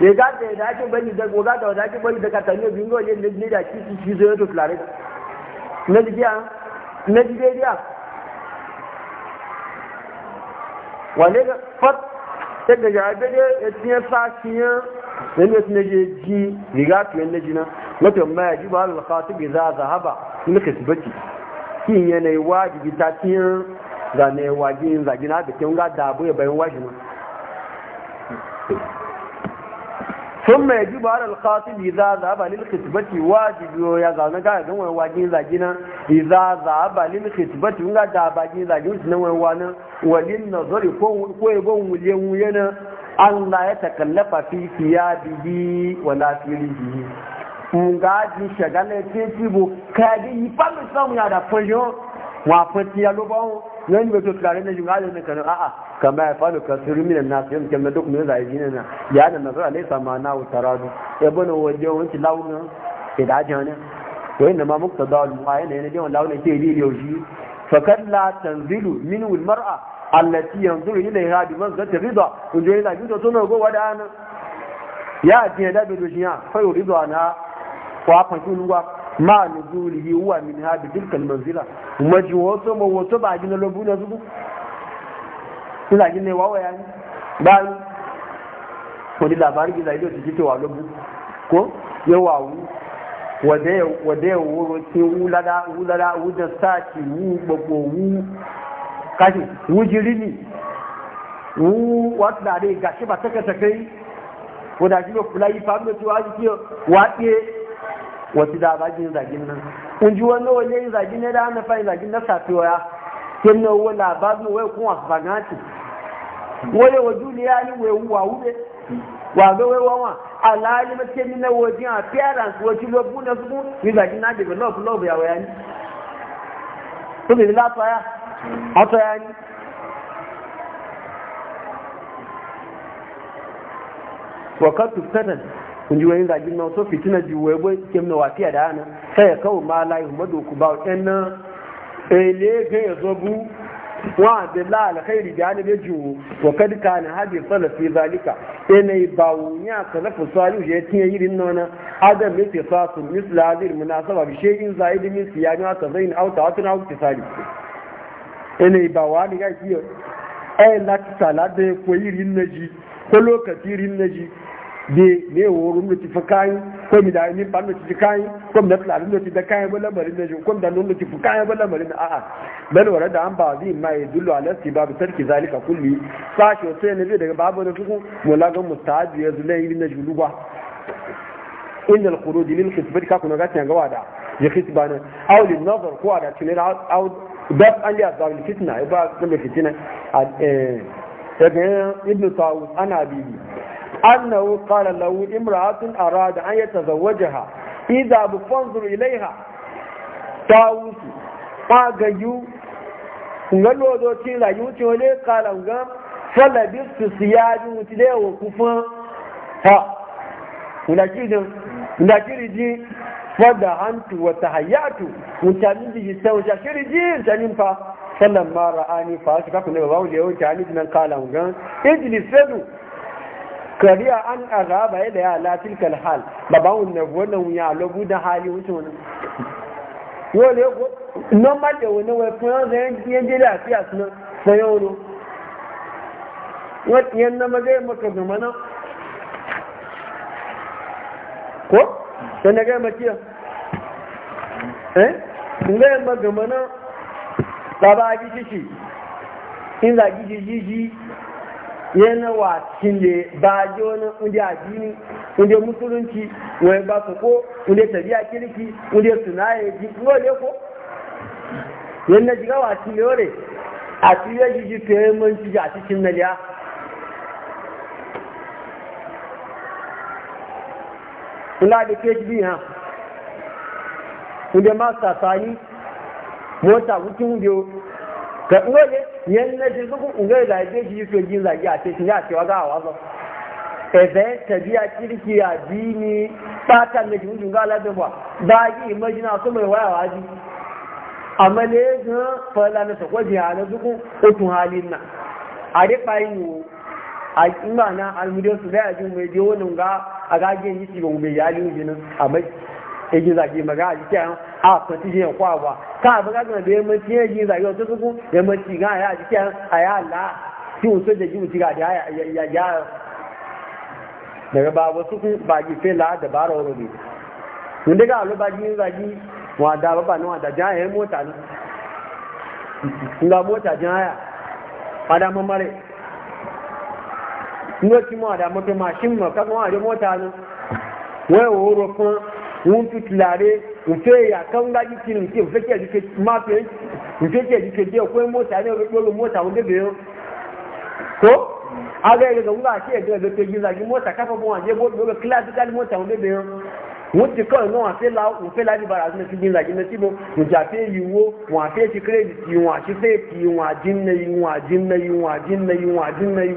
ya ga da ya dace bani da goga da bani da bin ne ne da ki ki zo to na na wale ga fat sai ga ya tiya ne ne je ji riga ne jina ma ya ji ba al khatib zahaba in ka tibati kin yanayi wajibi ta tiya zagina da kin ga dabo ya bayan wajin sun mai ji ba da alkhasi bi za za ba lil khitbati wani waji zagi nan bi za za ba lil da ba wani wani walin nazari ko ko ya gon wuje wuje nan Allah ya takallafa fi fiyadihi wa lafilihi yi fa mu samu ya da wa fatiya lo ba nan ba to tare ne jin halin kan a'a kama ya falu kasiru min nas yan kan duk mun yi jin na ya da nazar alai sama na utaradu e bana waje wanki lawun ke da jana to inda ma muktada al muayana ne jin lawun ke yi shi. fakat la tanzilu minhu al mar'a allati yanzuru ilayha bi manzati rida kun je ila gido to no go wadana ya ji da bi dushiya fa yuridu ana wa fa kunwa ma nuzulihi huwa min hadi tilka almanzila kuma wato ma wato ba gina lobu na zubu ina gina wawa ya ni ba ni wani labari gina ido su jike wa lobu ko yawa wu wu gbogbo wu kashi wu jirini wu wata da dai gashi ba taka takai wadda shi ne kula yi fa mutuwa jike wa ɗe wasu da ba jin zagin nan in ji wani waje yin zagin ne da ana fa yin zagin na safiya ya kin na wa labarin wai kun wasu fagati wale wa duniya ni wai wa wuɗe wa ga wai wawa alhali mace ni na wajen a parents wajen lobu na su yin zagin na develop love ya waya ni? to bi la tsaya a ya ni wa katu sanan kun ji wani zagin na wasu fitina juwai bai kem na wafiya da hana sai ya kawo ma layi kuma doku ba ɗan na ele eh, ga ya zo bu wa da la alkhairi da hana bai juwo to kad ka na hadi salafi zalika ene ba wunya salafu salihu ya tinya yirin nona adam bi tisasu misla hadir munasaba bi shay'in zaid min siyani wa tazain aw ta'atun aw Ina yi ba wa ni ga kiyo ai eh, la tisala de ko na ji ko lokaci na ji. de ne worum da tifa kayan ko mi da ni ban da tifa ko mi da tsarin da tifa kayan ba lamarin da ko mi da nun da tifa kayan ba lamarin da a'a bal wara da an ba zi ma ya e dullu ala istibab tarki zalika kulli sashi sai ne daga babu e da suku mulagan mustahabi ya zulai na juluba inda al-qurud lil khitbati ka kuna gatin ga wada ya khitbana aw lin nazar ko ada tunira aw dab an ya zalim fitna ya e ba da fitina eh daga ibn tawus ana bibi annahu qala lahu imra'atun arada an yatazawwajaha idza bu fanzur ilaiha tawusu pagayu ngalo do ti la yu ti ole kala nga fala bi su siyaju ti le wo kufan ha ula kidin ula kiriji fada hantu wa tahayyatu mutamin bi sai ja kiriji tanin fa sallan ma ra'ani fa aka kuma ba wanda yau tani nan kala nga ijlisu kariya an azaba ya da ya latin kalhal baban wannan wannan ya lagu da hali wucin wani yau ne ko normal da wani wai kuma yanzu yan yan jeli a fiya suna sayo wani wani yan na maza yi maka zama nan ko yan na gaya makiya eh in gaya maka zama nan ba ba a gishishi shi in za ji ji yana wa da ba ji wani inda addini inda musulunci wani ba su ko inda tabiya kirki inda suna ya ji dole ko yana jiga wa cile ore a cile jiji to yi manci a cikin na ina da phd ha inda masu sasani mota biyu ka ngole yan na ji zuku ngai da ke ji to e ji zagi a cikin ya cewa ga wazo ta biya kirki a dini fata ne ji mun ga labe ba da yi imagina su mai waya waji amma ne ga fala na ta kwaji ala zuku otun halin na a yi fayin a imana almudan su da ji mai je wannan ga a ga gagen yi ci ba mai yali jinin a mai eji zagi maga a jikin a kwati jiyan kwagwa ka abu ka gana da yammanci ya ji zagi wata suku yammanci ga ya jikin a ya la ki wuce da ji wuce ga da ya ya daga ba wasu kun ba ji fe la da bara wuro ne mun daga alu ba ji zagi wa da baba na wa da jan ya mota ne nga mota jan ya ada mamare ngo ti mo ada moto machine mo ka mo ada mota ne wo wuro kan wọ́n tún tilare nfe ya kan ga yi kiri nke nfe ke jike ma fe nfe ke jike je ko mota ne ro lo mota wonde be ko aga ga nga ke ga do te giza gi mota ka fa bon aje bo do classical mota wonde be yo wọ́n ti kọ́ ìná wọn fẹ́ la wọn fẹ́ láti bàrà sí ti gbìyànjú ní síbò ìjà fẹ́ yíwó wọn àfẹ́ ti kírèdìtì yi àti fẹ́ kì wọn àdínlẹ̀ yìí wọn àdínlẹ̀ yìí yi àdínlẹ̀ yìí wọn àdínlẹ̀ yìí.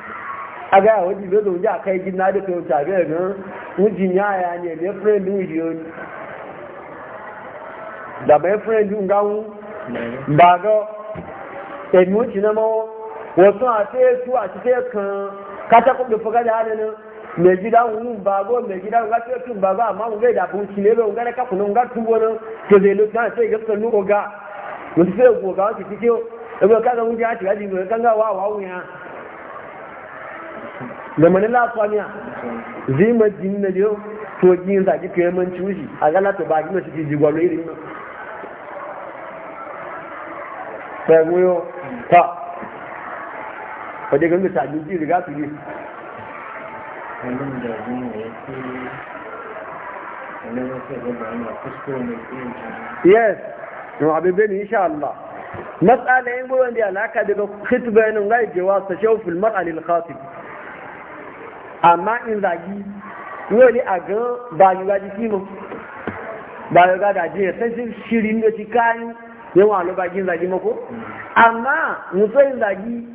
a ga yawon jibe da a kai gina da kai wuce a ga na wunjin yaya ne ya fure da efere da bai fure da wun ba ga na mawo wasu a sai su a cikin kan kata kuɗi fuka da hannun mai gida wun ba go mai gida wunga sai tun ba n amma wunga da bunci ne bai wunga da kakunan wunga tubo nan to zai lokacin sai gaskar nuko ga mutu sai goga wata cikin kaga a kanga wa wa wuya da mani lafaniya zai ma jini na yau to gini zaki kai yaman cuci, a gala galata ba gina shi ke jigwalo irin nan sai goyo ta wadda ganga ta jinji riga su ne yes no abin bane insha Allah matsala yin goyon da alaka daga khitbanin ga jawas tashawful mar'al al-khatib amma in zagi wani a gan ba yi gaji kimo ba yi gada jiya sai shi shirin da shi kayan yawan alubagin zagi mako amma musayin zagi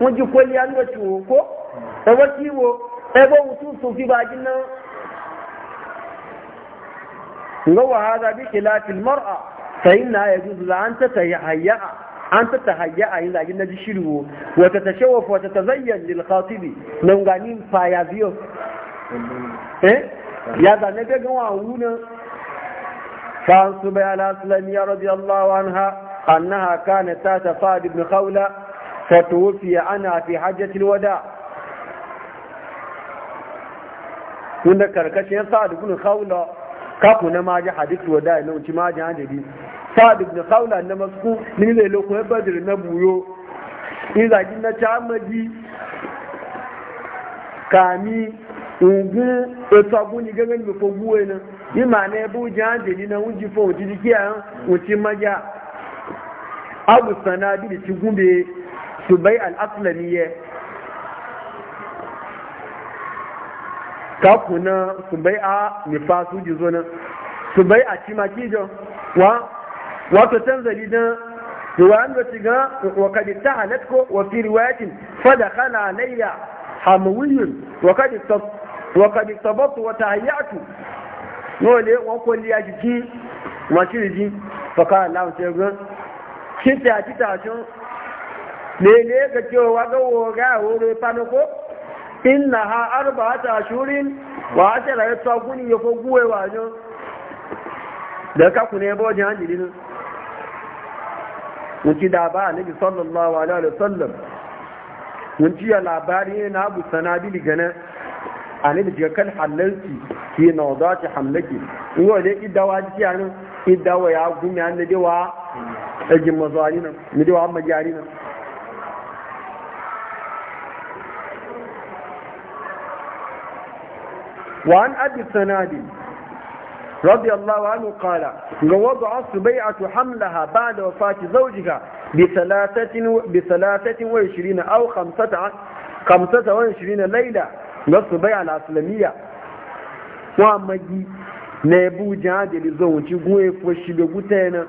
wọ́n jí kwẹ́lì alóòtù òkó ẹwọ́ tí wo ẹgbọ́ òtútù fi bá jí náà lọ́wọ́ ha zabi kìláàtì a, sayin na ya zuzu la'anta ta yi hayya'a أنت تهيأ عند جنة الشروع وتتشوف وتتزين للخاطب نونغانين فايا فيو إيه؟ يا ذا نبيك وعونا فان سبيع الأسلامية رضي الله عنها أنها كانت تات صاد بن خولة فتوفي عنها في حجة الوداع ونكركش يا صاد بن خولة كاكو نماجي حديث الوداع نوتي ماجي عندي sa'ad ibn khawla na masku ni zai lokun e badr na buyo in zagi na chamaji kami ugun eto abuni gangan mi fo buwe na yi ma na ebe uji anje ni na uji fo uji diki a uci maja abu sana bi da ci gumbe su bai al'aslamiye ka su subai a nifasu jizo na su bai a cimaki jo wa wato tanzali dan ruwan da shiga wa kad tahalat ko wa fi riwayatin fada kana alayya hamawiyun wa kad wa kad tabattu nole wa kulli ya jiki wa kirji fa ka Allah sai ga kita kita tun lele ga cewa ga woga wore fanako inna ha arba'ata ashurin wa ashara ya tsakuni ya foguwe wajo da ka ku ne wunci da ba nabi sallallahu alaihi wasallam wunci ya labari ne na abu sanadili ganin anil jiga kan halarci ki na za ta hamlaki in yau dai idawa ji a nan idawa ya gumi an da dewa ɗagin mazuwari nan da dewa magyari nan وعن أبي السنادي radiyallahu anhu qala ga wada'a subai'atu hamlaha ba'da wafati zawjiha bi thalathatin bi thalathatin wa 20 aw 25 25 layla ga subai'a al-aslamiyya wa magi na ebu jihadi zonci gun efo shibe gutena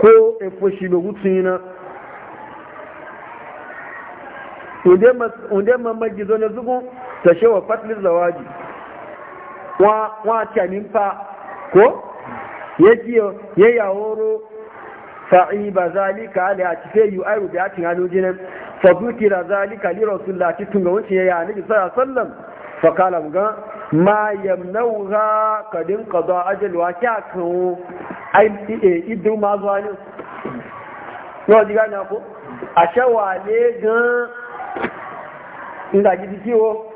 ko efo shibe gutina unde mamagi zo na zugun ta shewa fatlin zawaji wa ta nimfa ko ya kiyo ya za fa'iba zalika ala ya cife yi ayu da ya cin hannu jinin fadukira zalika su rasulullah tun ga wuce ya yana bi sallallahu sallam fa kala ga ma yamnauha kadin qada ajal wa ka kan ai eh, idu ma zuwa ne ko diga na ko a shawale gan inda gidi kiwo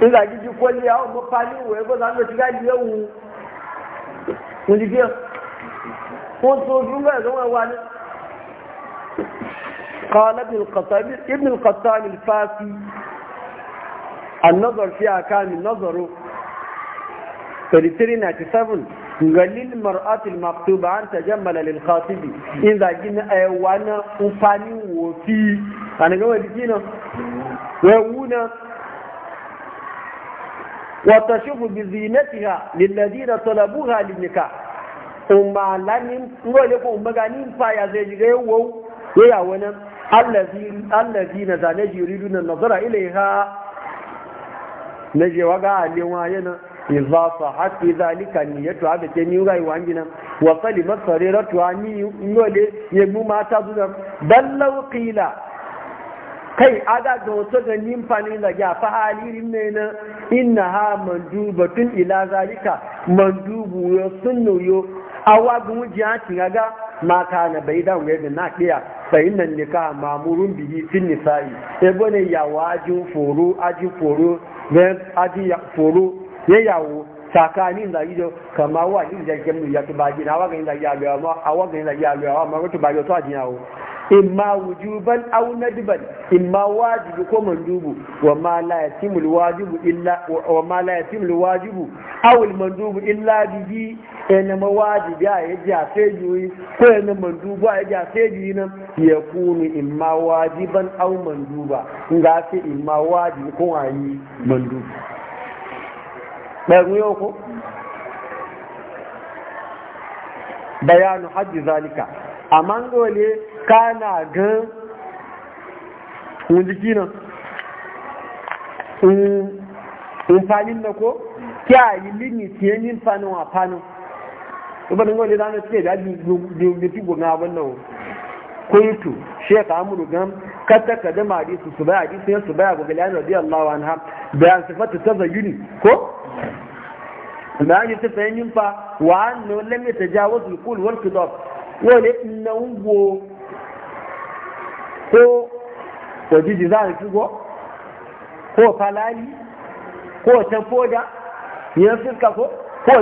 nígbà jíjí kọ́lé àwọn ọmọ parí ìwé ẹgbẹ́ sáà lọ́sí gáàdì léwu nìdíkẹ́ wọ́n tó قال ابن القطان ابن القطان الفاسي النظر في أكان النظر 3397 قال للمرأة المكتوبة أن تجمل للخاطب إذا جينا أيوانا أفاني وفي أنا قوة بكينا ويونا وتصف بزينتها للذين طلبوها للنكاح umma lanin ngole ko umma ganin fa ya zai jige wo ya wannan allazi allazi na zane yuriduna nazara ilaiha naje waga alewa yana idza sahat zalika niyatu abi ke ni rai wangi nan wa salimat sariratu ani ngole yemu mata zuwa ballau qila kai aga da wato da nimfani da ya fa halirin ne na inna ha batun ila zalika mandubu yo sunnu yo awa gun jiya tinaga maka na bai da wani da na kiya fa ne ka mamurun bihi fil nisa'i e bone ya wajin foro aji foro ne aji ya foro ya yawo tsakanin da ido kama wa ni da kemu ya tubaji na wa ga ni da ya ga ma awa ga ni ya ga ma ko tubaji to aji In ma wuju imma wujuban aw nadban imma wajibi ko mandubu wa ma la yatimul wajibu illa wa ma la yatimul wajibu aw al mandubu bi bihi ina ma wajibi a ji a sai ko ina mandubu a ji a sai nan ya kunu imma wajiban aw manduba nga fi imma wajibi ko wayi mandubu bayan yau ko bayanu hajji zalika a mangole kana gan wujiki nan umfanin na ko kya yi limiti ya yin fanin wa fanin ubanin wani zanen suke da biyografi gona abin nan kuntu sheka amuru gam kata kada ma hadisu su baya hadisu ya su baya ga galiyan radiyallahu anha bayan sifatu ta zayyuni ko bayan ta fahimta wa annu lam yatajawaz al-qul wal qidab wọ́n iná ń wo kó òjijì záà ṣúgbọ́ kó falali kó ọ̀tẹ́ fódá ìyẹn fífà kó kó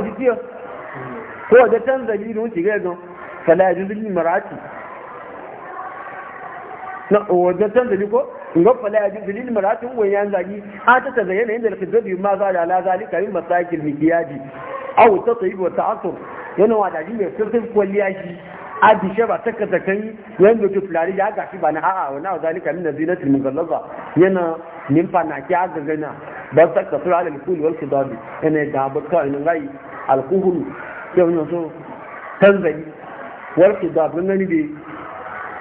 kó ọ̀tẹ́ tẹ́ǹzẹ̀lì ìlú ti gan falali marati na falali marati ń zagi an ta da alkhidabi ma za da alazali kamin masakil mikiyaji awu ta wa yana wa da sirrin a dishe ba taka takan yan doki fulari ya gashi ba na a'a wani a zalika min zinatul mughallaza yana nimfa na ki aga gana ba taka sura al kul wal kidab yana da ba ka ina gai al kuhul yau ne so tanzai wal kidab nan ne bi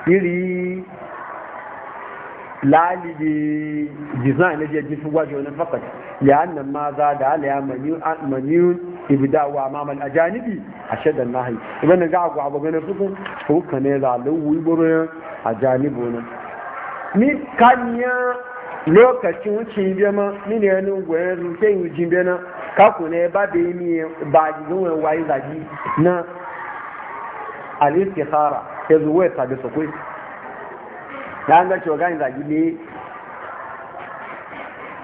yiri lali bi jizan ne je jifu wajo wani fakat ya annan ma za da ala ya maniyun ibdawa mamal ajanibi ashaddan nahi ibn ga agwa ba gane su ko kane la lawu iboro ajanibo ne ni kanya lokacin wucin biya ma ni ne ni gwaye rufe yujin biya na kaku ne ba da e yi ba jigin wani wayi zagi na alistikhara ya zuwa ya sabi su kwai na an gaci wa gani zagi ne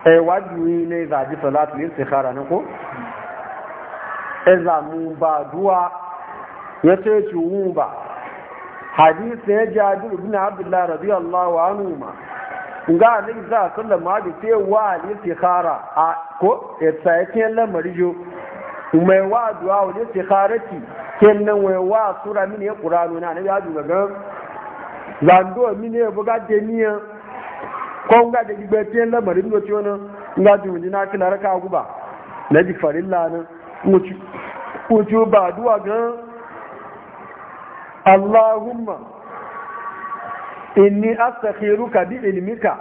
ai wadu ne zagi salatu istikhara na ko izamu ba duwa ya ce ciwu ba hadisi ya jabir ibn abdullah radiyallahu anhu ma ga annabi za sallama da ce wa al-istikhara a ko ya yake lamari jo mai wa duwa wa istikharati kenan wai wa sura min ya qur'anu na annabi ya ga zando min ya buga de niya ko ga da gbe ce lamari no ci wannan ga duni na kila raka guba na ji farilla nan mutu ba duwa ga Allahumma inni astakhiruka bi ilmika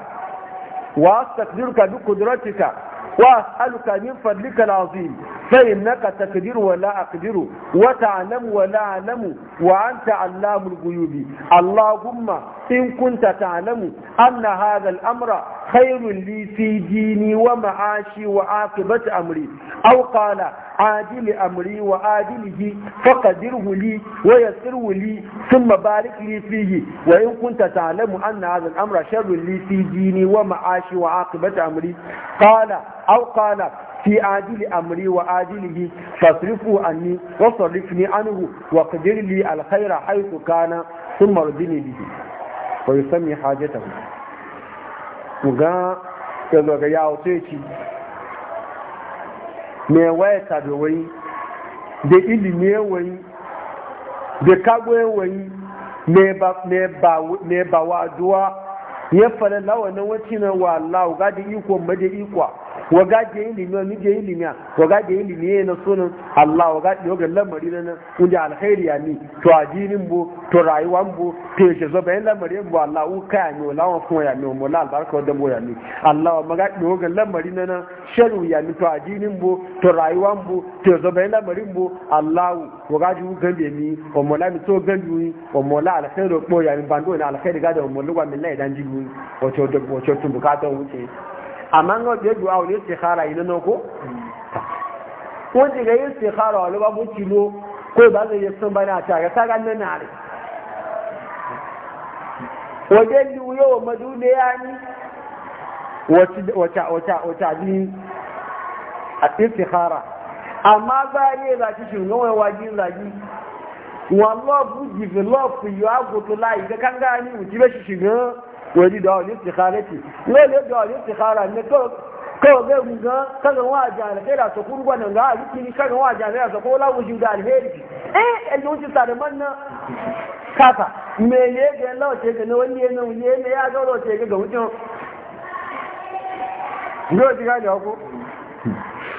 wa astakdiruka bi qudratika wa as'aluka min fadlika al-azim فإنك تقدر ولا أقدر وتعلم ولا أعلم وأنت علام الغيوب اللهم إن كنت تعلم أن هذا الأمر خير لي في ديني ومعاشي وعاقبة أمري أو قال عادل أمري وعادله فقدره لي ويسره لي ثم بارك لي فيه وإن كنت تعلم أن هذا الأمر شر لي في ديني ومعاشي وعاقبة أمري قال أو قال fi ajili amri wa ajilihi fasrifu anni wa sarrifni anhu wa qadir li alkhaira haythu kana thumma rudini bihi wa yusammi hajatahu ga ya zo ga yawo sai ci me waye ta da wai da ilimi wai da kagwe wai me ba me ba me ba wa duwa ya fara lawanin na wacce na wa Allah ga da iko ma da iko wa ga da ilimi wa nije ilimi wa ga da ilimi na sunan Allah wa ga da yoga lamari na kun da alkhairi ya ni to ajinin bu to rayuwan bu to yake zo bayan lamari bu Allah u ka ya ni wala kuma ya ni mu la albarka da mu ya ni Allah wa ga da yoga lamari na sharu ya ni to ajinin bu to rayuwan bu to zo bayan lamari bu Allah wagaju gambe mi o mola mi to gambe mi o mola al khairu po ya mi bando na al khairu gada o mola wa min lai dan jibu o to do o to tun bukata wuce amma ngo de du'a o ne istikhara ina no ko ko ti ga istikhara o lo ba buci lo ko ba zai yi sun bana ta ga ta ga nan na re wajen duyo madu ne ya ni wata wata wata wata ni a istikhara amma za a yi zaki shirgawar waje zaki wa love give love you have go to lie ga kan gani uji be shi shiga wani da wani istikharati ne ne da wani istikhara ne to ko ga mu ga kaga wa jana kai da so kuru gwanin ga aliki ni kaga wa jana da so ko lawo shi da alheri eh en don shi man na. kaka me ne ga lawo ce ga wani ne ne ya ga lawo ce ga wucin Yau ji gane ku?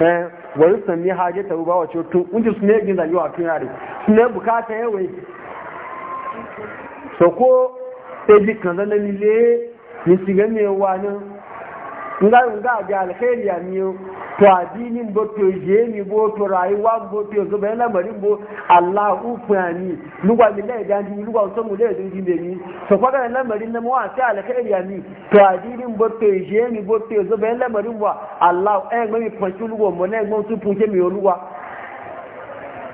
eh wani sanni haje ta ruba wace tun inji su ne gina yiwa tun yare su ne bukata yi. so ko ebi kan zanen ile ni ne wa nan nga nga ga alheri amiyo to adini bo to yemi bo to rayuwa bo to zo be la mari bo allah u fani lugwa mi le ga ndi lugwa so mu le ndi be mi so kwa ga mari na mo ati alheri ami to adini bo to yemi bo to zo be la mari bo allah e ngba mi ponchu lugwa mo na ngba tu punje mi olugwa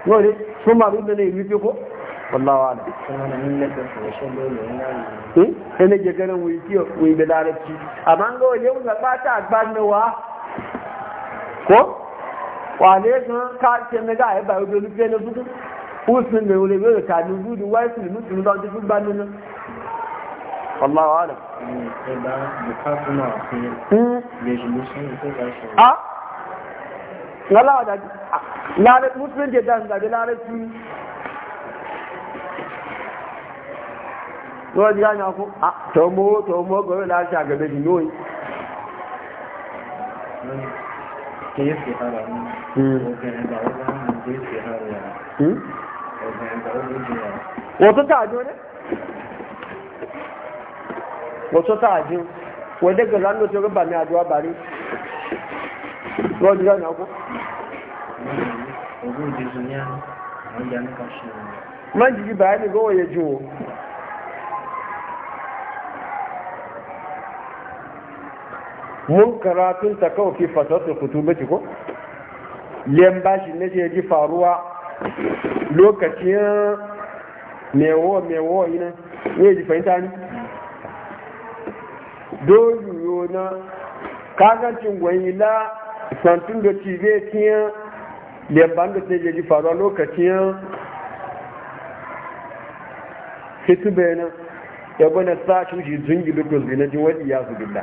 no so ma ru ne ni wi pe ko wallawa ala eh ne je ganin wuyi da larabci amma ga wani yau ga bata agbanawa ko wale kan ka na ga ya bayo dole fiye na fudu usun ne wule wule ka ni gudu wai su mu tun da duk ban nan wallawa ala a lalawa da lalai musulun ke dan da lalai wọ́n ti yáyàn fún tọmọ tọmọ gọ́rọ̀ láti àgbẹ̀bẹ̀ jù lóyìn wọ́n tààjú wọ́n dẹ́gbẹ̀ lánàá tí ó rọ́bà ní àjọ àbárí wọ́n ti yáyàn fún Ogún ìdíjú ní àwọn ìyá ní kan ṣe rẹ̀. Má jìjì bàá ní gọ́wọ̀ yẹ jù wọ́n. munkaratun ta kawo fi fasatul mace ko liyan bashi ne je ji faruwa lokacin mewo mewo ina ne ji fahimta ni dojuyo na kagancin la santun da ci zai tiyan liyan da ce ji faruwa lokacin fitu bayanan ya bane sa shi zungi duk da zinajin wadi ya su gida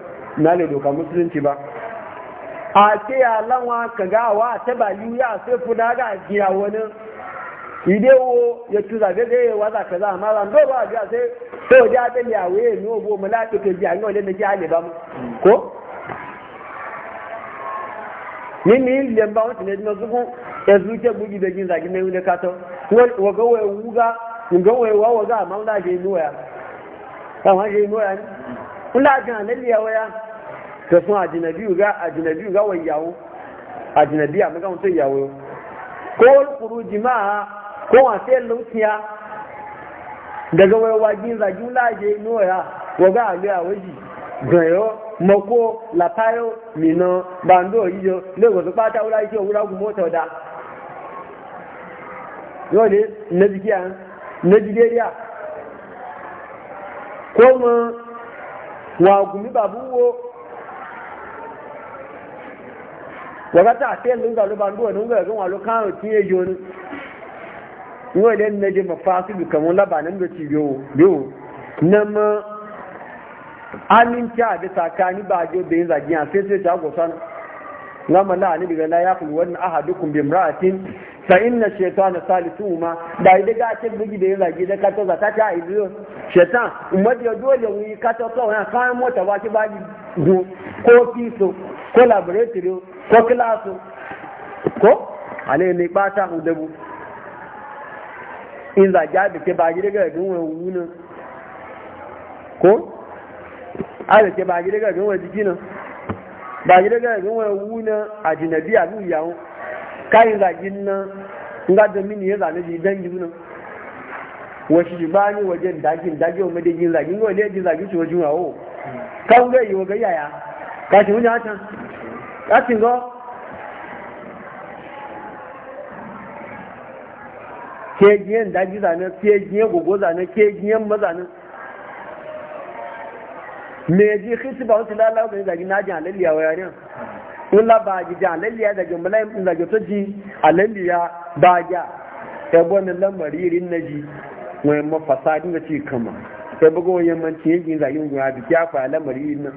na le doka musulunci ba a ce ya lanwa ka gawa ta bali ya sai fuda ga giya wani idewo ya ci zabe zai yi waza kaza a mara ndo ba biya sai to ja ta ya waye no bo mu lati ke biya ne wanda ke hali ba mu ko ni ni le ba wata ne na zuku e e e ya zuke bugi da gin zagi mai wani kato wa ga waye wuga ga waye wa wa ga yi da ya noya kan wa je noya ne kula ga annabi ya waya to sun ajnabi ga ajnabi ga wayawo ajnabi amma ga mutun yawo ko khuruji jima'a ko wa sai lutiya daga wai wajin zagi ulaje noya ko ga aliya waji gayo mako latayo mino bando yiyo lego to pata ula ise ura gu moto da yo ne najiya najiya ko mu wa gumi babu wo wakati a fiye lunga lo bandu wani nga ga walo kan ti e joni wo le ne je ma fasu bi kamun laba banan do ti yo yo nam amin cha de sakani ba jo be za gi an se se ta go sana gama na ni daga la ya kulu wannan ahadukum bi imra'atin fa inna shaytana salisuhuma da idan ga ce bugi da yana gida ka to zata ta ido shaytan umma da dole mu ka to to na kan mota ba ki ba ki go ko piso ko laboratory ko class ko ale ne ba ta udabu in za ja da ke ba gida ga gun wani ko a ke ba gida ga gun wani jikinan ba gida ga yanzu wani wuna a jinabi a duk yawon kayan zagin nan nga da mini ya zane ji dangi suna. wasu shi ba ni wajen dagin dagin wani da yin zagin wani da zagin shi wajen wawo kan ga yi waga yaya ka shi wani hacan ka shi ga ke giyan daji zane ke giyan gogo zane ke giyan mazanin me ji khisi ba wata lalawa ga zagi na ji halalliya wa yarin in la ba ji halalliya daga mulai in zagi to ji halalliya ba ya ya gwanin lamari rin na ji wayan mafasa dinga ci kama sai bugo wayan manci yin jin zagi ngwa bi ya fa lamari rin nan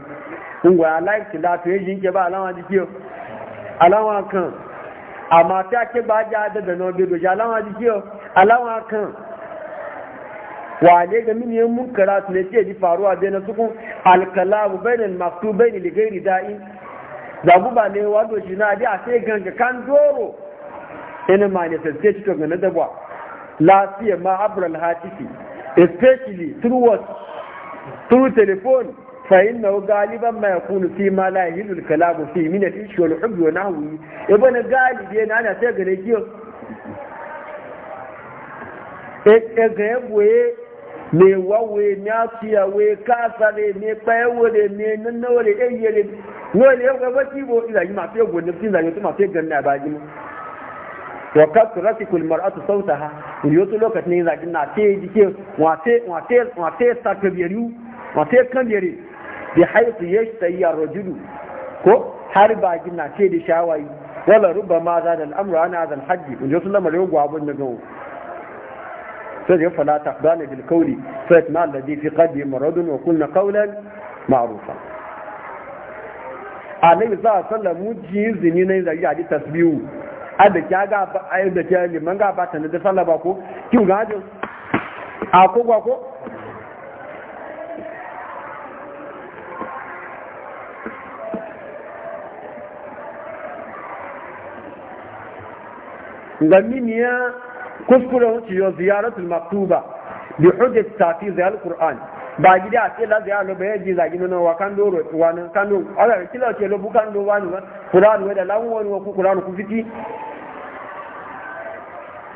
ngwa like ti da to yin ke ba alama jiki alama kan amma ta ke ba ja da da no bi do alama jiki alama kan wane ga min yin munkara su ne ce ji faruwa bai na sukun alkalamu bainal maktubai ne ligairi da'i da bu ba ne wato shi na dai a sai ganga kan zoro ina ma ne sai ce to ga na dabwa lafiya ma abral hatifi especially through what through telephone فإنه غالبا ما يكون فيما لا يهل الكلام فيه من الإيش والحب ونحوه يبقى غالب يعني أنا سيغني كيو إيه إيه le wawe me asiya we kasa le me payo le me nanno le eye le no le ga ti bo ila ma fe go ne tin da yoto ma fe na ba ji mo wa ka kasrati kul mar'atu sawtaha yoto lokacin ne zagin na te ji ke wa te wa te wa te ke sakabiyari wa te kambiyari bi haythu yashtayi ar-rajulu ko har ba ji na te da shawayi wala rubba ma za da amru ana zan hajji in ji wasu lamarin gwabon na go sai fala taqdana bil kauli fa yatma alladhi fi qadi maradun wa kunna qawlan ma'rufa annabi sallallahu alaihi wasallam muji zini ne da yi tasbihu a da kya ga ayu da kya liman ga ba ta da sallah ba ko kin ga a ko ba ko ga miniya kuskure wuce yau ziyaratul maktuba bi hujjat tafi ziyar qur'an ba gidi a ce la ziyar lo bayaji za gidi no kan do wa nan kan do ala kila ce lo bukan do wa ni qur'an wa da lawo wa ku qur'an ku fiti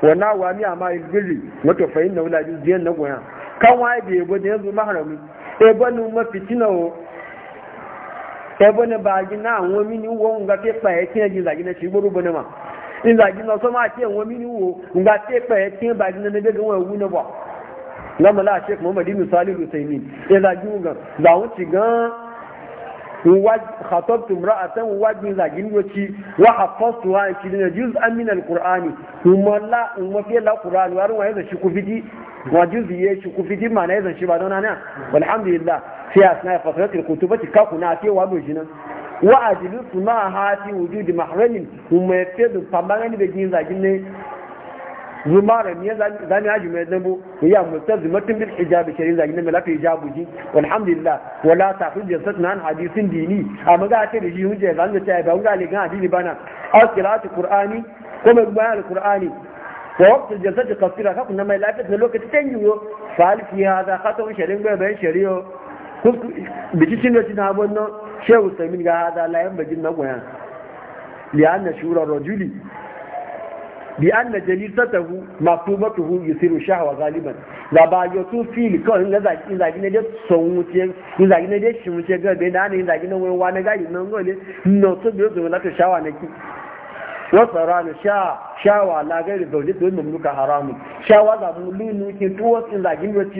wana wa mi ama ilbiri wato fa inna wala jiyan na goya kan waye bi ebo da yanzu maharami ebo ni ma fitina o ebo ne ba gidi na awon mi ni wo nga pe pa e kin ji za gidi na shi gboro bo ma nígbà tí wọn sọ máa tí ẹwọn mínú wo nígbà tí pẹ tí ń bá di nínú gbẹgbẹ wọn ewu náà bọ lọmọ náà ṣe kùmọ mọdé musali lùsẹmí nígbà tí wọn gan làwọn ti gan wa khatabtu imra'atan wa jinza jinwati wa hafaztu wa ikidina juz'an min al-qur'ani kuma la umma fi al-qur'ani wa ruwa yanzu shi ku fiti wa juzi ya fiti ma na yanzu ba don nan walhamdulillah fi asna fasalat al-kutubati wa ajilu su ma hati wujudi mahramin kuma ya fi da fambarani da gini zagin ne zumara ne zani haji mai zambo ya mutta zumatun bil hijabi shari'a zagin ne malafi hijabu ji alhamdulillah wala tafi da sat nan hadisin dini amma ga ta da shi hujja zan ta ba ga le ga hadisi bana asqiratu qur'ani kuma bayan alqur'ani ووقت الجلسات القصيرة فقط إنما يلعبت للوقت تنجو فهل في هذا خطأ شريع بين شريع بتشين وتنهبون shehu samin ga hada layan bajin na goyan li'an na shura rajuli li'an na jalisatahu maktubatuhu yusiru shahwa galiban la ba yo tu fil ko in ga zaki zaki ne de sonwu ce in zaki ne de shimu ce ga da ne zaki ne wani nan gole no to be zo la to shawa ne sha haramun shawa za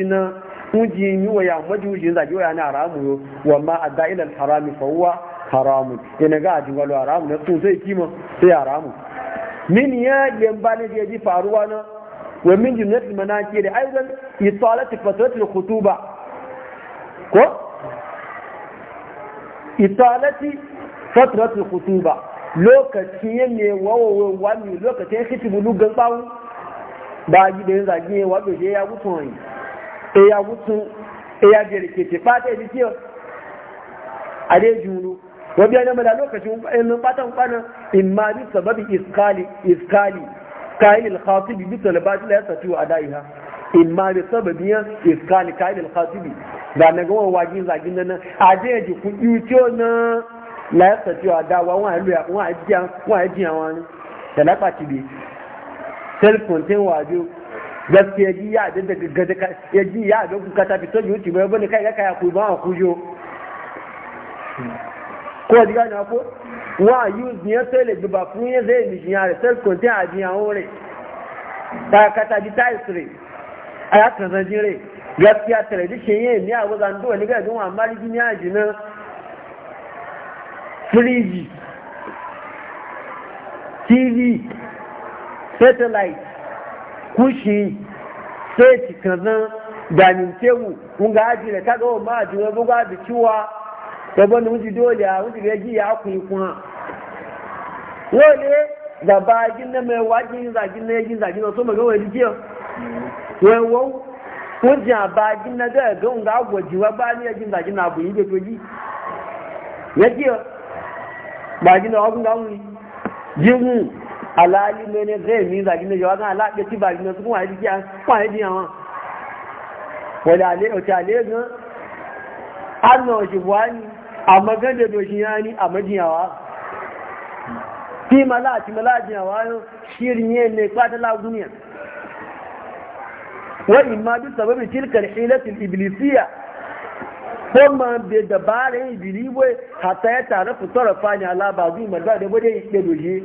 na uji ni waya maji uji zagi wa na haramu yo wa ma adda ila harami fa huwa haramu ina ga ajin walu haramu na tun sai kima sai haramu min ya yambani da ji faruwa na wa min jumlatil manaki da aidan italati fatratil khutuba ko italati fatratil khutuba lokacin ne wawawa wani lokacin kitibu lugan bawu ba gidan zagi ne wabe ya wuce wani eya wutu eya jerikete bata idi kiyo ade juru wabi yana mala lokacin ilmin batan kwana imma bi sababi iskali iskali kayin khatibi bi talabati la yasatu adaiha imma bi sababi iskali kayin khatibi da na ga wajin zagin nan aje ji ku yuto na la yasatu adawa wa ilu ya wa ajiya wa ajiya wani talabati bi self contain wajibi gaskiya ji ya da daga daga ya ji ya ga kuka ta fito ji wuce bai bane kai ga kaya ku ba ku yo ko diga na ko wa use ne sai le ba fun ya zai mi ji ya sai ko ta ji ya hore ta ka ta ji tai aya ta zan gaskiya tare da shi yin ne a wazan do ni ga dun amma ji a ji na friji tv satellite kushi sai ki kazan ganin tewu kun ga aji da kaga wa ma'aji wani buga da ciwa da bani dole a wuji ga ji ya kuyi kuma wale da ba gina mai zagin na yajin zagin na so maga wani jiya wani wau wuji a ba gina da ga ga agwaji wa ba ni zagin na abu yi da toji ya ba gina alali mene zai mi zagi ne jawa kan alaɓe ti ba jina sukun wani jiya wani jiya wọn wadda ale oce ale gan an na wace buwa ni a magan da doshi ya ni a majiyawa ti mala ti mala jiyawa yau shirin ne ne kwata la duniya wa imma bi sababi tilkal hilatul iblisiyya ko ma be dabarin ibiliwe hatta ya tare fitar fani ala ba zuwa da bude ya doshi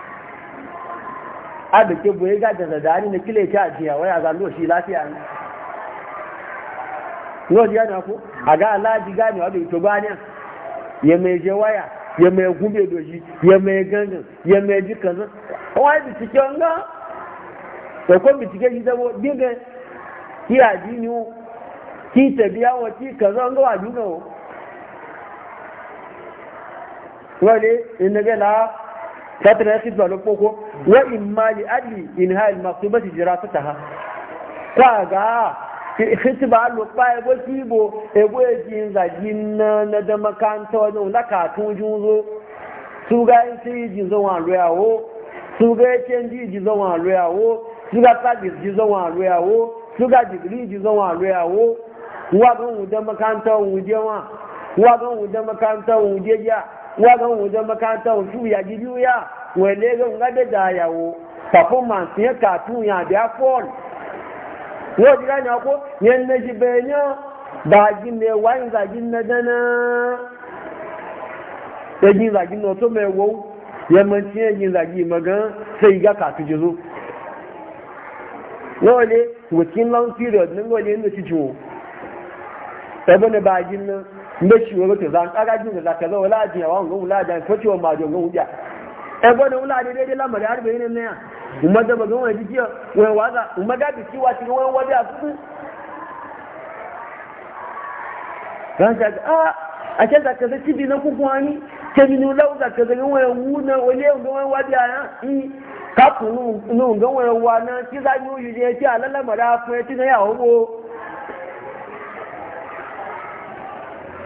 abu ke buye ga da zadani na kile ta ajiya waya ga lo shi lafiya ne lo ya yana ko a ga alaji gani wa bai to bani ya mai je waya ya mai gube doji ya mai gangan ya mai ji kaza wai bi cikin ga to ko bi cikin shi zabo dinga ki aji ni ki biya wa ki kaza ga wa duka wo wale in ga la satin na yasifu alon koko wa in ma li adli in ha il maktubati jirasataha kwa ga khitba allo bae bo kibo e bo e jin za jin na da makanta na ka tun junzo su ga in sai jin zo wa loyawo su ga ji jin zo wa digiri mu mu wagan wajen makaranta wasu ya ji biyu ya wale gan gada da yawo performance ya katu ya biya fall yau ji gani ako yan na shi bayan e ba ji ne wani zagin na dana ya ji zagin na to mai wau yammanci ya ji zagi magan sai ga katu jizo yau ne wakin long period nan wale yadda shi ciwo ebe ne ba jin na. mbe shi wo ke zan kaga jin da zaka zo wala ji wa ngun wala da ko ma jo ngun ja e bo da wala de de la be ne ne umma da ba ji umma da bi ti a kudu dan a a da na kuku ani ke da wu na wale a i ka nu wa na ti za ti ti ya wo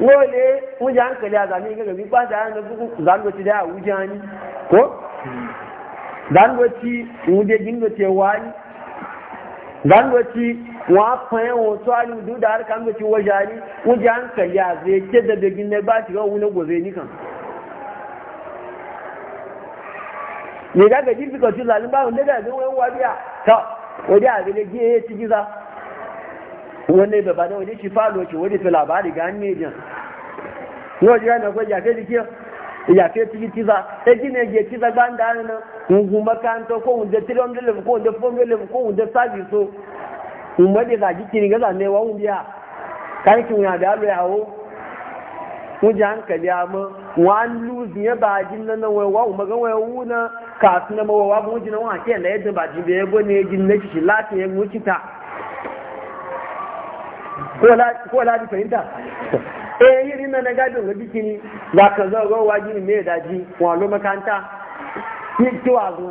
wole wujen hankali a zane ga gabi ba da yana zuku zangoci da wujen hani ko zangoci wuje gingoce wani zangoci wa fayan wato ali duk da harka zangoci wajani wujen hankali a zai ke da begin na ba shi ga wani gobe ni kan ne ga gaji fi kwanci zalin ba wanda ga zai wani wadiya ta wadiya ga ne giye ya e ci za. wani baba ne wani shi falo wani waje fi labari ga hannun ejin yau jira na kwa jafe jike jafe ciki tiza ta e gina e je tiza ban da hannun hungu makaranta ko hunde tiriyon dalif ko hunde fon dalif ko hunde sabi so hunde za zaki kiri ga zane wa hunde ya karki wuna da alo yawo wuje hankali ya mu wani luzin ne ba jin nan nan wawa e wa magan waya wuna kasu na mawawa na ma wa ke na yadda ba jibe ya gwane jin na shi latin ya wuce ta ko ladi fahimta eh yiri na na gadon ga bikini ba ka zo ga waji ne mai daji walo makanta ki ki wazo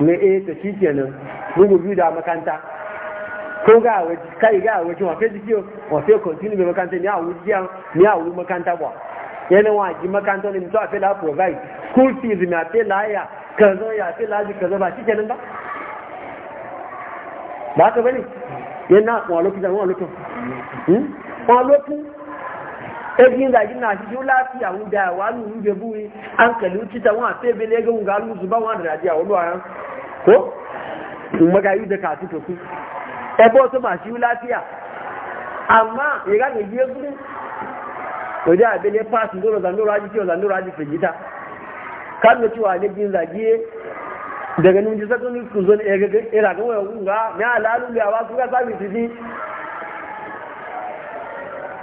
ne eh ta shi kenan mu bi da makanta ko ga waje kai ga waje wa kai ji wa sai continue be makanta ni a wuji ni a wuji makanta ba yana waji makanta ne mutuwa fi la provide school fees na fi la ya zo ya fi la ji zo ba shi kenan ba ba ka bane yẹn na wọn ló a sẹ́wọ́n ló tán hmm? wọn ló kú ebi nga yi naa sisi wula fi awon da wa nu nu bebu yi an kali uti ta wọn afe ebele ahụ wọn ga alu zuba wọn adara di awon lọra ko ka ati toku a ama fèjì daga nun jisa tun ku zo ne eh, ira ga eh, waya kunga ne alalu ya ba su ga sami tiji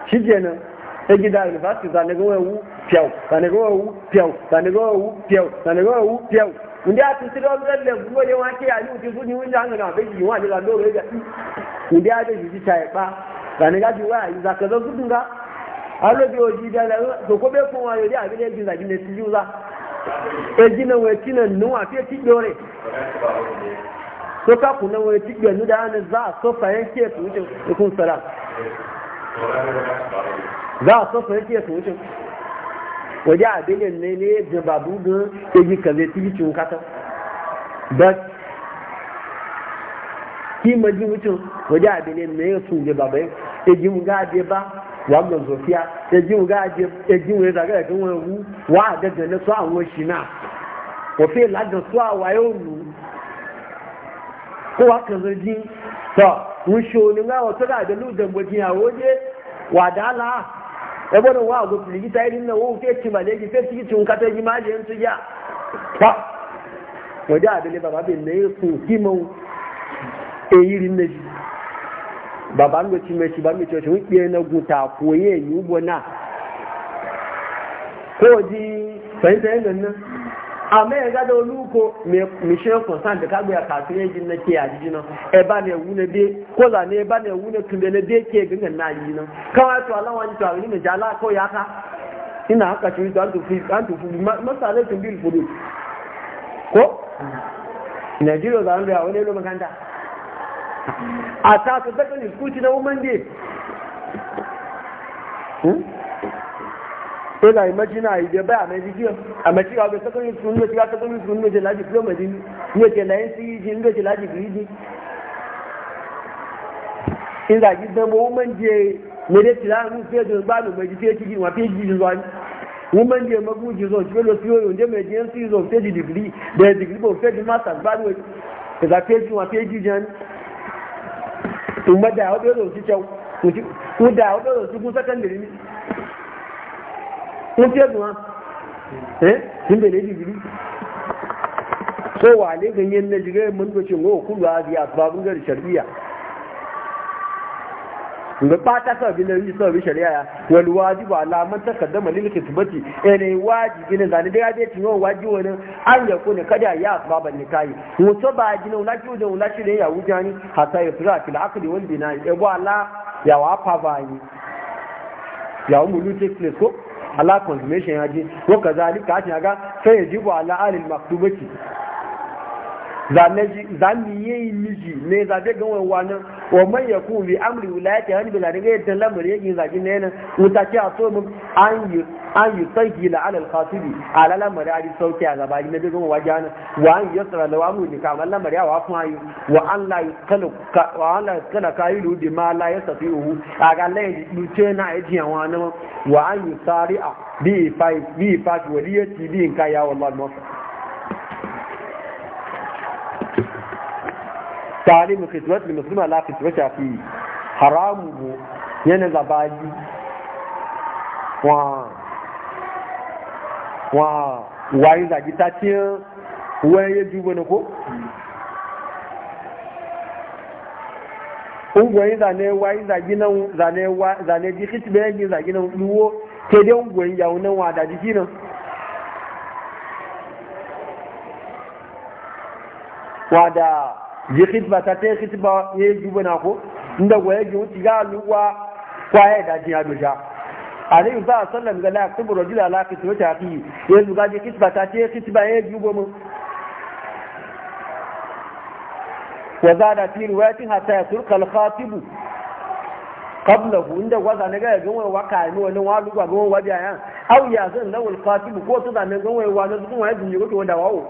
shi kenan ta gida zane ga waya piyau zane ga waya piyau zane ga waya piyau zane ga waya wu ndi a tun tiri ọdún lẹ gbogbo yẹn wọn kéya ní òtún ní wọn jáde náà bẹẹ yìí wọn àti lọdọ rẹ gà ndi a bẹ yìí ti ta ẹ zane ga yi za yìí zakẹlọ tuntun ga alóbi òjì dẹlẹ sọkọ bẹ fún wa yòdì àbílẹ gbin zàgbin lẹ ti za. ejina wetina nuwa fiye ti dore so ka kuna wani ti gani da za a sofa yanke su wucin hukun sara za a sofa yanke su wucin waje a ne ne da babu don ke kaze ti cin kata da ki wucin a bilin ne su mu ga ba wannan zofiya ya ji ga ya ji wani zaga ga wani wu wa ga da na so awon shi na ko la ga so awa yo ru ko wa ka zo ji to mun sho ni ga wato da da lu da bo ya woje wa da la e bo wa go pli ta irin na wo ke ti male ji fe ti ti un ka ta ji ma je ntu ya ta waje abele baba be ne ku kimo e yirin ne ji bàbá ń bambi tí mẹ́tì bá mẹ́tì ọ̀tún pé ẹnu ogun tà kó yé èyí ń o di fẹ̀yìntẹ̀ ẹ̀ o àmẹ́ ẹ̀ gádà olúkọ mission constant kágbé àkàtúnyé jí ní kí àjíjí na ẹ̀bá ní ẹ̀wú ní na kóla na ẹ̀bá ní ẹ̀wú ní túnbẹ̀ ní dé kí ẹ̀gbẹ̀ngàn náà Ka ina haka antu fi antu fi ko Nigeria a ta su daga niskuci na woman day hmm? ina imagina ibe bai a mai jikiyar a mai cewa bai sakon yin sunu shiga sakon yin sunu ce laji fiye jini ne ce layin su yi ji ne ce laji fiye ji in zagi zama e woman je ne dai tilayen mun fiye da ba mai jikiyar ciki ma fiye ji zuwa woman je maguji zo shi da fiye yau ne mai jiyan su yi e zo fiye ji digiri da digiri ba fiye ji masters ba ne ka za fiye ji ma fiye ji kuma da wadda yadda su kyau kun da wadda yadda su kun sakandare eh? ne kun fiye duwa eh sun da lady biri so na jirai mun doce ngo kullu hadi asbabun gar sharbiya. ga fata sa bi nan sa bi shari'a wal wajibu ala man takaddama lil kitbati ene wajibi ne zani da ya ce no wajibi wani an ya kone kada ya asbaban nikahi mutu ba ji na ulaki da ulaki da ya wujani hatta ya fira fil aqli wal bina'i e bo ala ya wa fa bani ya mu lu take place ko ala consummation ya ji ko kazalika ta ga sai ya jibu ala alil maktubati zami yi miji ne zabe ganwar wani wa man ya kun bi amri wilayati hannu bila daga yadda lamarin yakin zaki na yanar wuta ce a somin an yi sarki la alal khasibi ala lamarin a sauki a gaba ne daga ganwar wajen wa an yi yasara da wa mulki kama lamarin yawa kun hayu wa an la kala kayi ludi ma la ya safi uhu a ga layin luce na aiki yawa na wa an yi sari a bi ifa bi ifa bi wadiyar tibi in kaya wallahi mafi تعليم خدمة المسلمة لا خدمة فيه حرامه yana zabaji wa wa wayi zagi ta ce waye ya dubo ne ko ungoyi zane wayi zagi nan zane zane ji kitbe yaji zagi nan duwo ke dai ungoyi yawo nan wa da jiki nan wa da ji ba ta kiti ba ya yi na ko inda waye ji wuti ga luwa ya da jiya doja alayhi ba sallam ga la kubro jila la to ta fi ya zuga ji ba ta kiti ba ya yi mu wa zada fi riwayatin hatta yasurqa al-khatib qablahu inda waza ne ga ga wani wa ni wani walu ga wa ya ayan au ya zan lawal khatib ko to da ne ga wani walu ko wani jinyo ko da wawo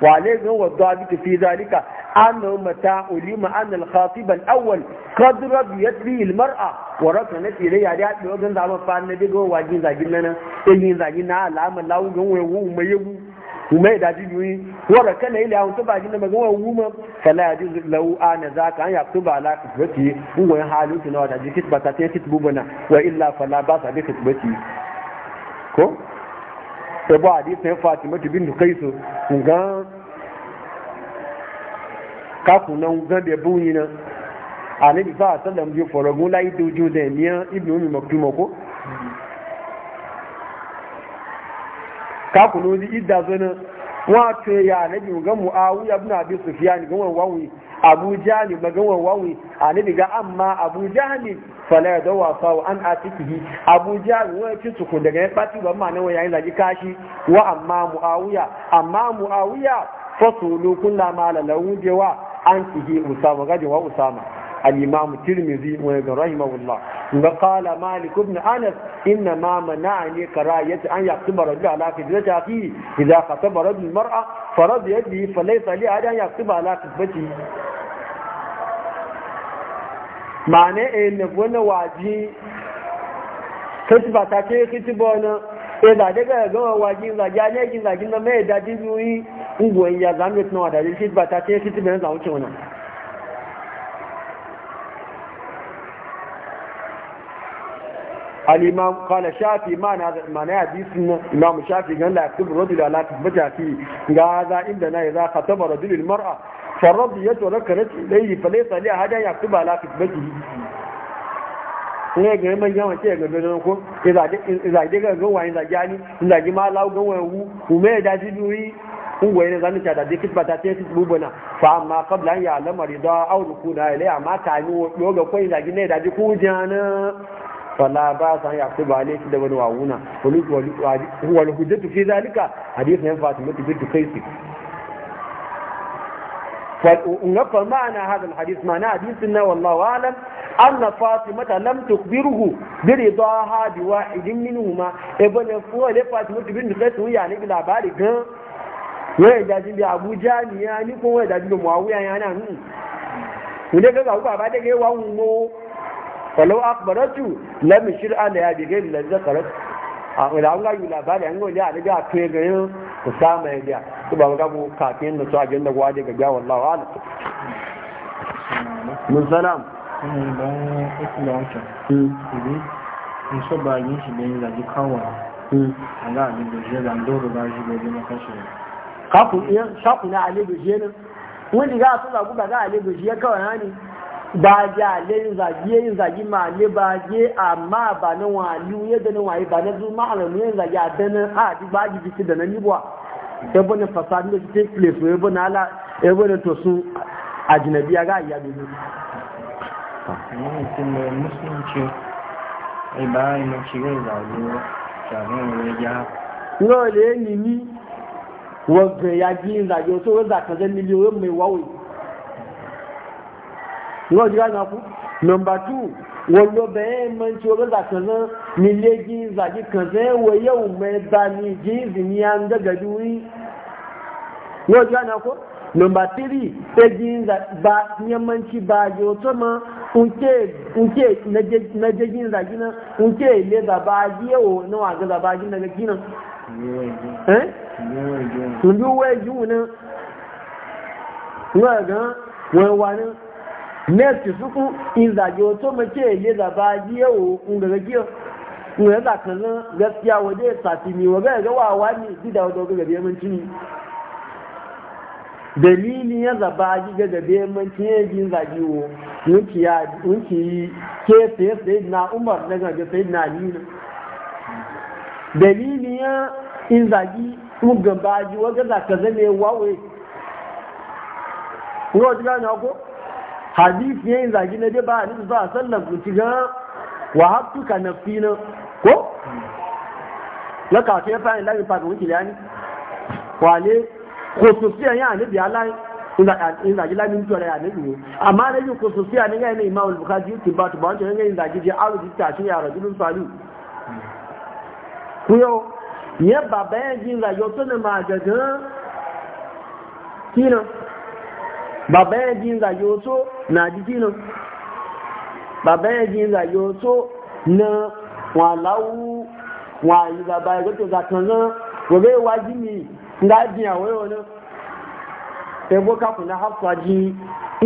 wale zan wadda abita fi zalika annahu mata ulima an al-khatib al-awwal qad rabiyat bi al-mar'a wa rakanat ilayya da dawo gan zama fa na digo waji zagin nan yin zagin na alama lawu gan wayu mai yabu mai da jibi wa rakana ilayya hun tuba jin magan wayu ma fala yajuzu lahu an zaka an yaktuba ala kitbati wa halu tunawa da jikit batati kitbubana wa illa fala ba sa bi kitbati ko yabo hadisin fatima tu bin kaisu ga kaku nan ga da bunyi nan annabi sa sallam ji gun layi to ju da miya ibnu ummi maktuma ko kaku no ji idda zana wa ce ya annabi ga muawiya ibn abi sufyan ga wannan yi. abu jahali magawar wawi annabi ga amma abu jahali fala ya dawa sawu an atikihi abu jahali wani ci suku daga ya ɓaci ba ma'ana wa yayin zaki kashi wa amma muawiya amma muawiya fasulu kunna ma la jewa an tihi usama gaje wa usama al-imam tirmidhi mu ga rahimahullah ga qala malik ibn anas inna ma mana'ani qira'at an yaktuba rajul ala kitabati fi idha khataba rajul mar'a farad yadi fa laysa li ahad an yaktuba ala kitabati mane en gona waji kitaba ta ke kitabona e da daga ga waji ga ja ne ki ga kin da me da dibuyi ungo ya zamet no da kitaba ta ke kitabona za uchona الإمام قال شافي ما هذا ما حديثنا الإمام الشافعي قال لا يكتب الرجل على كتبته فيه هذا عندنا إذا خطب رجل المرأة فالرضية ركنت إليه فليس لها حاجة يكتب على كتبته ne ga mai yawan ce ga gano ko izaje ga gawa in zage ani zage ma lawo gawa wu kuma da ji duri kun goyi ne zanin da dikit ba ta ce su na fa amma qabla an ya'lama rida aw rukuna ilai amma ta yi wo ga ko zage ne da ji ku jana fala ba sa ya ku bale shi da wani wawuna wani wani hujjatu fi zalika hadisi ne fatima kaisi فنقل معنى هذا الحديث معنى حديثنا والله أعلم أن فاطمة لم تخبره برضاها بواحد منهما ابن فول فاطمة بن خيسو يعني بلا بارك wọ́n ẹ̀dá sí bí àbújá nìyà ní kó wọ́n ẹ̀dá sí bí mọ̀ àwúyà yánà nù. ìdẹ́gbẹ́gbà ó bàbá dẹ́gẹ́ wà wù mọ́ falau akbaratu lam shir'a da ya bigai da zakarat a ila an gayu labari an gode a daga to ga ku sama ya ga ku ba ga bu kafin na su a gwa daga ga ala mun salam da wata ibi in so ba yin shi bayan zaji kawo a ga abin da shi zan doro ba shi gobe na kashe kafin iya shafi na alibu wani ga su zagu ba ga alibu shi kawai hannu ba ja le yin zagi yin zagi ma le ba je amma ba na wani ya da na wa ba na zuma ala mu yin zagi a da na a ji ba ji ji da na ni bwa e bo na fasad place e bo ala e bo to su ajnabi ga ya bi ni musulunci e ba yi na ci ga zagi ta ne ya no le ni ni wa ya ji zagi to wa za ka miliyoyin mai wawai wọ́n jẹ́ àgbà fún. nọmba tù wọ́n lọ bẹ́ẹ̀ mọ tí wọ́n bẹ́ẹ̀ kàn sán ní ilé jíǹsì àti kàn sán wọ yẹ́wò mẹ́ta ní jíǹsì ní à ń gẹ́gẹ́ bí wí. fún. nọmba a nke na jirgin zagi nan nke ile zabaji na waga zabaji na gaki next suku inzage wato mace ya zaba yau in ga gaji in ga za ka nan gaskiya waje sati ne wa ga wawa ne ji da wato ga biyan manci dalili ya zaba ji ga da biyan manci ya ji zagi wo yunki ya yunki ke sai sai na umar daga ga sai na ni dalili ya in zagi ugan baji wa ga za ka zame wawe ko ji ga na ko hadisi yayin zagi na dai ba ni ba sallan ku ci ga wa habtuka nafsi na ko la ka ke fa ila fa ku kila ni wale khususiyan ya ni bi ala ina ina gila min to ya ni amma da yin khususiya ne ga ni imam al-bukhari ki ba to ba to yin zagi je aru ji ta shi ya rajulun salu ku yo ye baba yin zagi to ne ma ga ga kina baba ẹ̀ nza ń na tó nà àdìjí nà bàbá ẹ̀ wọn àláwù wọn àyè bàbá ẹ̀ tó zàtàn náà bàbá wájú mi nga di àwọn ẹ̀wọ̀n náà ẹ̀bọ́ kápù náà hapà jí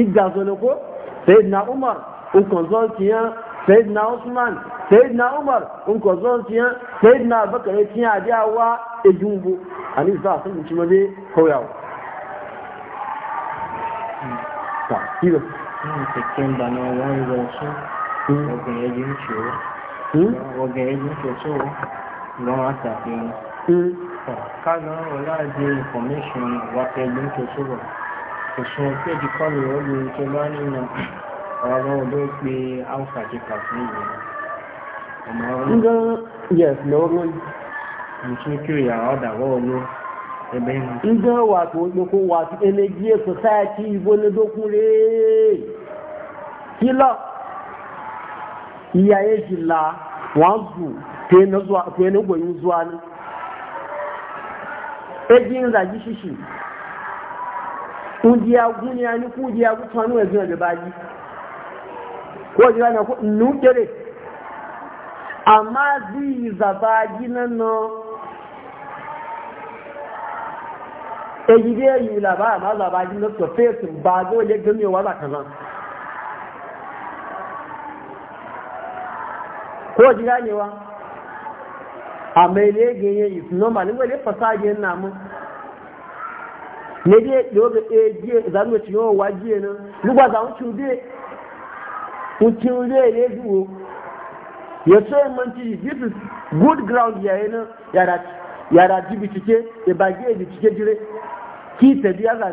ìgbà zọ̀nà umar ukonzontiyan sayidina usman sayidina umar ukonzontiyan awa tiyan adiyawa ejumbu a sun Kilo? Não, hmm, September não, lá em Rosso. Eu ganhei de um show. Eu ganhei de um show, hmm. show. Não há tapinha. Cada um lá de information, lá pede um show, show. Kò sọ pé di kọ́lù ọdún tó bá nínú ọ̀rọ̀ ọdún pé áùsà ti kà fún ìyẹn. Ọmọ ọdún. Yes, lọ́wọ́ lóyún. Mo tún kí ìyàwó ọ̀dà wọ́ọ̀ lóyún. in ga wato wani ko wato energy society wani dokure kila iyaye jila wanzu te na goyi zuwa ne ejin zagi shishi kujiya guniya ni kujiya gutanu ya zuwa da baji ko jira na ku nukere amma zai zaba ginan nan eyi dai yi labara ma labarin na tofesin ba zo ne gamewa za ka zan ko ji ganewa a mai ne ganye yi su noma ne wale fasadi yana mu ne dai yoga e jiye ci this is good ground yayin ya dace yàrá jí bìtìkẹ́ ìbàjẹ́ ìbìtìkẹ́ jire kí tẹ̀bíyà rà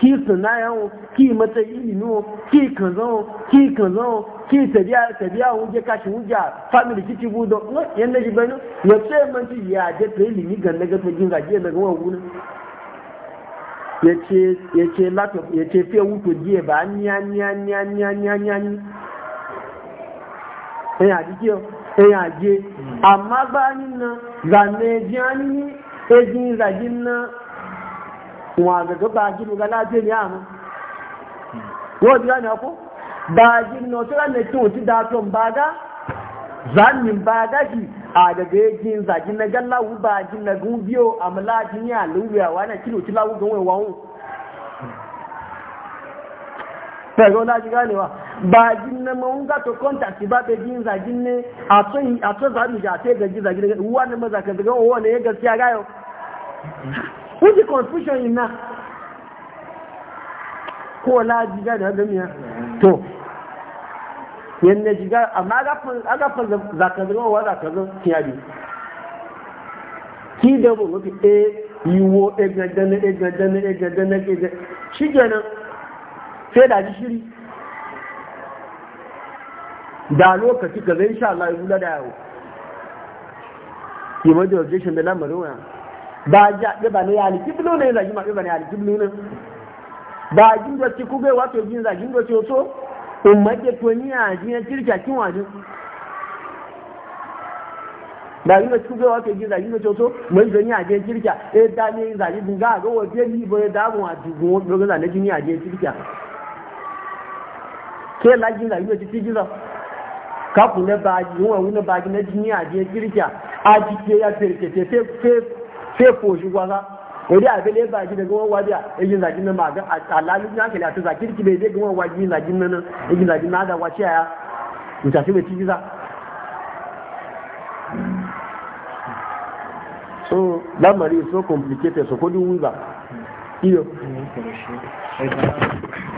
ki sunaya wo ki matsayi ilimi wo ki kanzan wo ki kanzan ki tabiya tabiya wo wuje kashi wuja family kici budo no yan naji bano ya ce man ti ya je to ilimi ga daga to jin gaje daga wa guna yace yace laptop yace fe wuto je ba nya nya nya nya nya nya ni eh ajiyo eh aje amma ba ni zane jani ejin zagin na wa ga gaba ginu ga lafiya ne amma ko jani ko ba ginu no tsara ne to ti da ton baga zanin baga ki a daga ejin zagin na galla u ba gin na gumbiyo amla jin ya luwa wa na kilo ti lawu gan wai wawo ẹ̀rọ láti gáàlì wa bá jínlẹ̀ mọ́ ń gàtọ̀ ti bá bẹ jí ń zà jí wà ní mọ́zà owó ní sí ara yọ wọ́n ti confusion yìí náà gáàlì ọdún mi tó yẹn ní ẹjì gáàlì àmọ́ owó kí a bí kí dẹ́gbọ̀n ló fi pé ìwo ẹgbẹ̀dẹ́nẹ́ ẹgbẹ̀dẹ́nẹ́ ẹgbẹ̀dẹ́nẹ́ sai da ji shiri da lokaci ga zai sha Allah ya gula da yawo ke wajen wajen shi da lamarin wa ba ja da ba ne ya ni kiblo ne zagi ma ba ne ya ni kiblo ne ba jin da ci kube wato jin zagi da ci so umma ke to ni a jin kirka kin wajen da yi da ci kube wato jin zagi da ci so mai da ni a jin kirka eh da ne zagi bunga ga wajen ni ba da mu a dugun wajen da ni a jin kirka sai lajin da yiwu ci gizo kaku na baji wọn wani baji na jini a je kirkiya a jike ya firkete fe foshi gwasa wani abin ya baji daga wani wajen ya yi zagin na magan alalin ya kele a ta zaki kirki bai zai gama wajen yi zagin na nan ya yi zagin na da wace ya mutasi bai ci gizo so lamari so complicated so kodin wiba iyo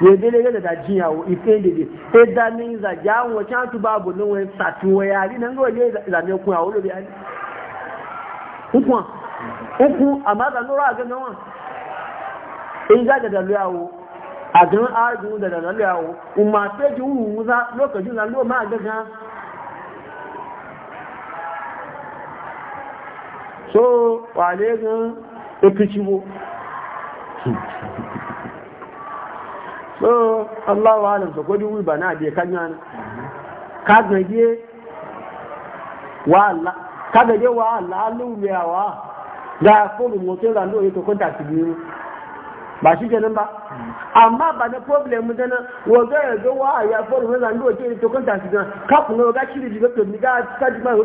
yebe ne ga da jiya wo ife de de e da ni za ja wo cha tu ba bo no we sa tu we ya ri nan go le za ne ku a wo lo bi ani uku uku a no ra ga no wa e ga da lo ya a gan a ju da da lo ya wo u ma te ju wu za lokacin ka ju na lo ma ga ga so wa le gan e pichiwo so eh, allahu alam so kodi wi bana de kanyana ka gaje wa ka gaje wa fọlụ yawa da ko mu ndo konta ba shi kenan ba amma ba na problem da na wa ga ya ga wa ya ko mu a ndo to konta ti biyu ka ku no ga shiri diga ni ma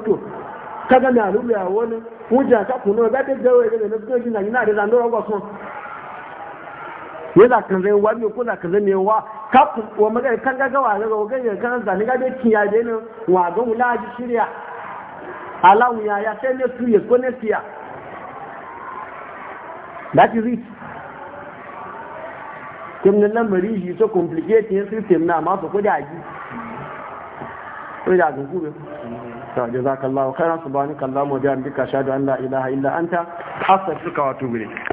ka ga na lu yawa ne mu ja ka ku no ga de ga wa na ko ji na na ndo ya za ka zai wani ko za ka zai wa kafin wa magana kan gagawa na ga ga kan zane ga kin kiya da ne wa ga wula ji shirya alamu ya ya sai ne su ko ne tiya that is it kin nan lamari shi so complicated system na ma ba ko da ji ko da ga gobe ta jazakallahu khairan subhanakallahumma wa bihamdika ashhadu an la